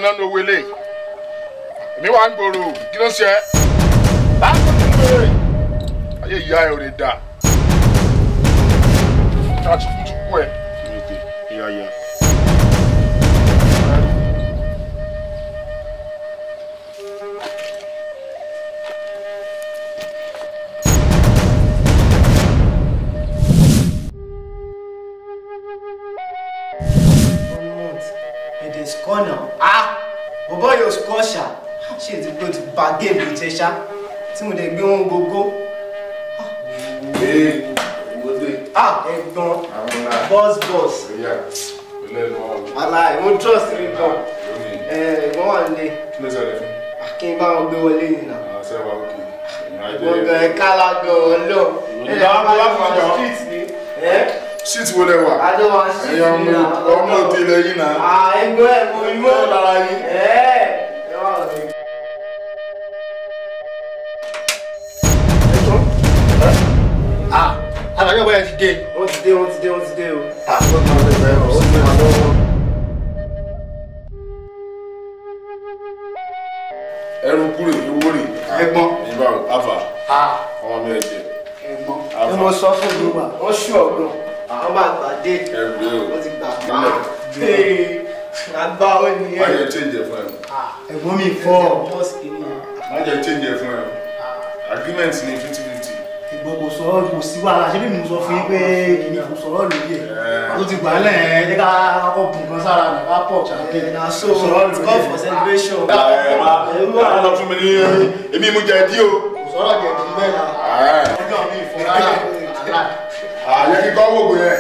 ná lówó eléyìí èmi wà ń gbòòrò kí ló ń ṣe ẹ́ láàbò tó ń gbòòrò ayé ìyá ẹ̀ ò lè dà láti kú kú ẹ̀. ìyá ìyá. ṣá ṣé ti gbó ti bá géèmù jẹ ṣá tí mo dẹ̀ gbé wọn gógó. ee gbọdọ. ah ẹ̀gbọ́n boss boss. aláì mo trust mi gan. Ah, ẹ ẹ̀gbọ́n wà nílé. kí n bá wọn gbé wọlé yìí náà. Ah, ṣé wàá kú. gbọ̀ngàn ẹ̀ka lágọ̀ ọlọ́. ẹ̀ka lágọ̀ ọlọ́ shit wo lẹ wa ẹyọ ọmọ òbí lẹ yín náà ẹgbẹ́ ẹ̀mọ ìwé ọ̀lára yín ni. ẹjọ́ àlàyé ọ̀bẹ yẹn ti dé. wọ́n ti dé wọ́n ti dé wọ́n ti dé o. àwọn ọmọ ọ̀bẹ yẹn ó ti máa lọ́wọ́. ẹrù kúrò ní wórì. ẹ̀gbọ́n. nígbà wo afa. ọmọ mi ẹ jẹ. ẹ̀gbọ́n. ẹ mọ sọ fún mi wa ó ṣù ọgbọn àwọn máa gbà dé. ẹ gbé o. wọ́n ti gbà àgbà ó nìyẹn. má jẹ change ẹ fún ẹ. ẹ̀gbọ́n mi fọ́. má jẹ change ẹ fún ẹ. agreement ni fifty fifty. ẹ̀gbọ́n kò sọ kò sí wàhálà ṣé bí mo sọ fún yín pé kìíní kò sọ̀rọ̀ lóye eh. ó ti gbà lẹ̀ ẹ́ jẹ́ ká kọ́ bùn kan sára rẹ̀ ká pọ̀ ṣàkè. Eh, na so it's called for celebration. ẹ ah, eh, ma ẹ ma lọ fún mi ní èmi mo jẹ ẹdí o. kò sọ̀rọ̀ jẹ ẹdí bẹ́ẹ̀ náà. ẹjọ́ mi ìfọ̀rọ̀ àyẹ̀kí ah, kọ́ wò ó yẹ.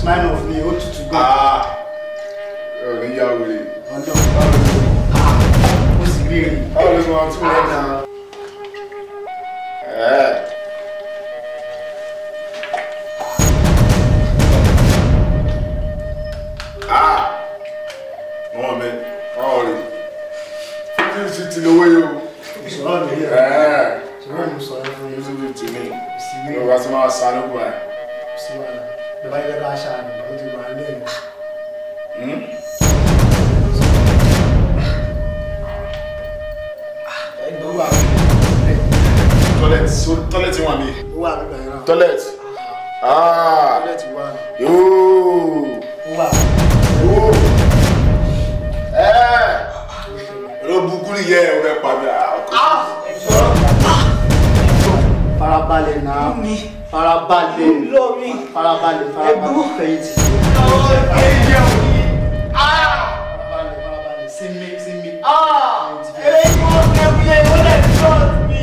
smile of me ó tutù gbọ́. ọ̀rẹ́ yeah, wèrè. ọ̀dọ́ báwo ni mo sì rí rí. báwo ni mo máa tún rẹ̀ náà. mọ́ mi báwo ni fifty fifty lówó yìí o. sọ̀rọ̀ mi yẹ. sọ̀rọ̀ mi sọ̀rọ̀ fún mi. fifty fifty mi. ló bá ti máa sanú báyìí vai bá yẹ ká ṣàánú ó ti wà lẹ́yìn. Hmm? toilet so toilet wà mí. Ah! toilet wà mí bẹ̀rẹ̀ náà. toilet. toilet wà mí. yóò. ó wà eh! mí. yóò. ẹ́ẹ̀. ló bukú ni yẹ ọ̀rẹ́ pàmì. farabalẹ̀ náà farabalẹ̀ farabalẹ̀ farabalẹ̀ fẹ̀yìntì. sinmi sinmi. èyí wọ́n tẹ̀wé wọ́n lè trust me.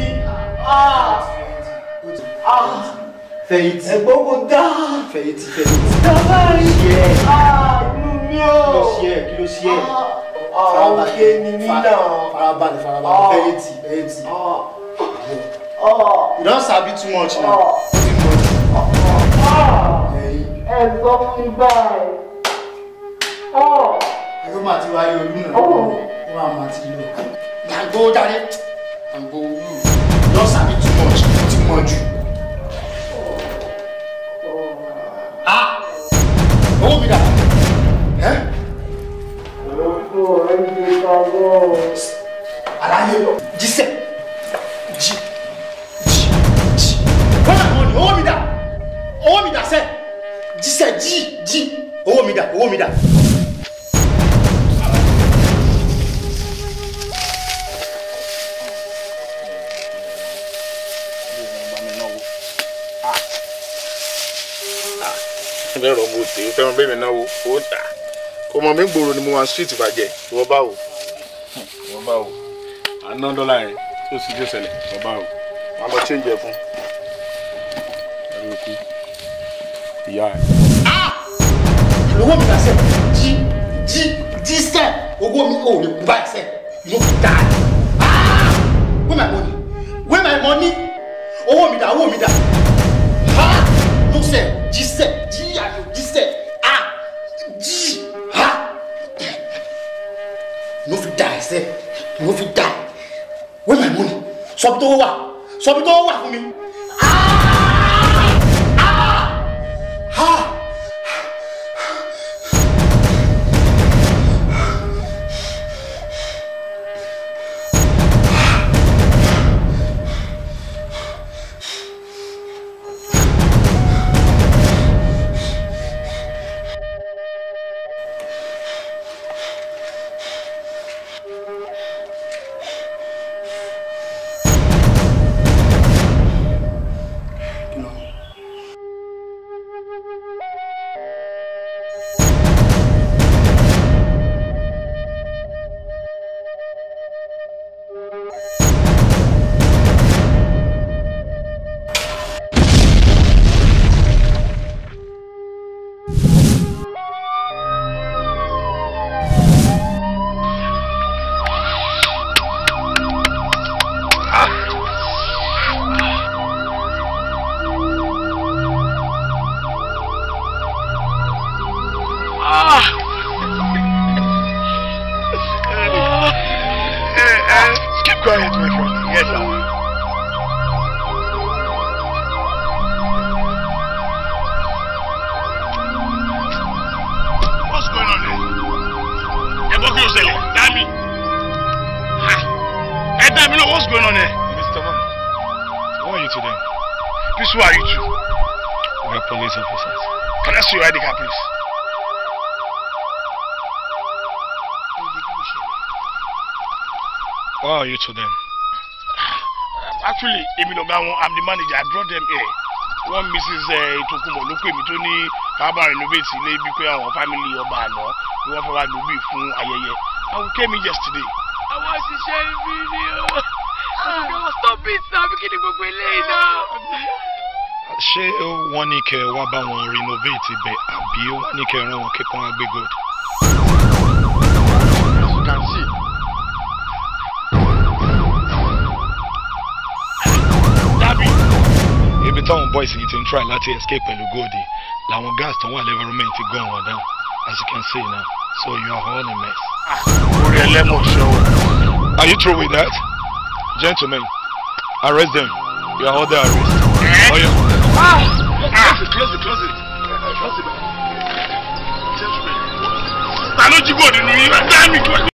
fẹ̀yìntì. ẹ̀gbọ́n kò dá. fẹ̀yìntì fẹ̀yìntì. dábàá yìí. inú mi ò. kí ló ṣe ẹ ah, kí ló ṣe ẹ. Ah. Ah, farabalẹ̀ farabalẹ̀ farabalẹ̀ fẹ̀yìntì fẹ̀yìntì. Oh. you don sabi too much now. ẹ sọ fún mi báyìí. ẹgbẹ́ máa ti wáyé olú náà wọ́n á máa ti lọ. gbàgbó dáre gbàgbó you oh. don sabi too much too much. Oh. ah owó mi dà. aláyé lọ jísẹ́. owó mi dà owó mi dà sẹ́ jísẹ́ jí jí owó mi dà owó mi dà. Ah. bẹ́ẹ̀ rọ̀ mo tè é fẹ́ràn bẹ́ẹ̀ mi náwó ó tà kò mọ̀ mí gbòòrò ni mo wà street bàjẹ́ ìwọ báwo ìwọ báwo àná dọ́là yẹn tó sì jó ṣẹlẹ̀ ìwọ báwo màá lọ change fún un. ìyá ẹ. Ah! owó mi lásẹ̀ jí jí jí sẹ́ owó mi ò ní bá ẹsẹ̀ yóò fi dáa ah! ni. where my money where my money owó mi dà owó mi dà ló sẹ̀ jí sẹ̀ jí àyò jí sẹ̀ ah! jí ló fi dáa ẹsẹ̀ ló fi dáa where my money sọ bí tó wà sọ bí tó wà fún mi. all them here wọ́n mrs ìtòkùnbọ̀ ló pè mí tó ní kábà renovate ilé ibi pé àwọn family ọba àná ni wọ́n fẹ́ wá lò bí fún ayẹyẹ àwọn kẹ́mi yesterday. àwọn òṣìṣẹ́ ibi ni o ọ̀dọ́ stop it na bí kí ni gbogbo eléyìí náà. ṣé wọ́n ní kẹ́ wá bá wọn renovate ibẹ̀ àbí wọ́n ní kẹ́ rán wọn kíkan agbégbòdì. táwọn boys yìí ti ń try láti escape pẹ̀lú góòdì làwọn gas tó wà lẹ́fẹ̀rọ́mẹ̀ ti gun wọn down as you can see now so you are all in mess. orí ẹlẹ́mọ̀ ṣe o. are you through with that? gentlemen arrest them you are under arrest. Eh? Oh, yeah. Ah! Ah! close it close it close it close it. ta ló jí góòdì nínú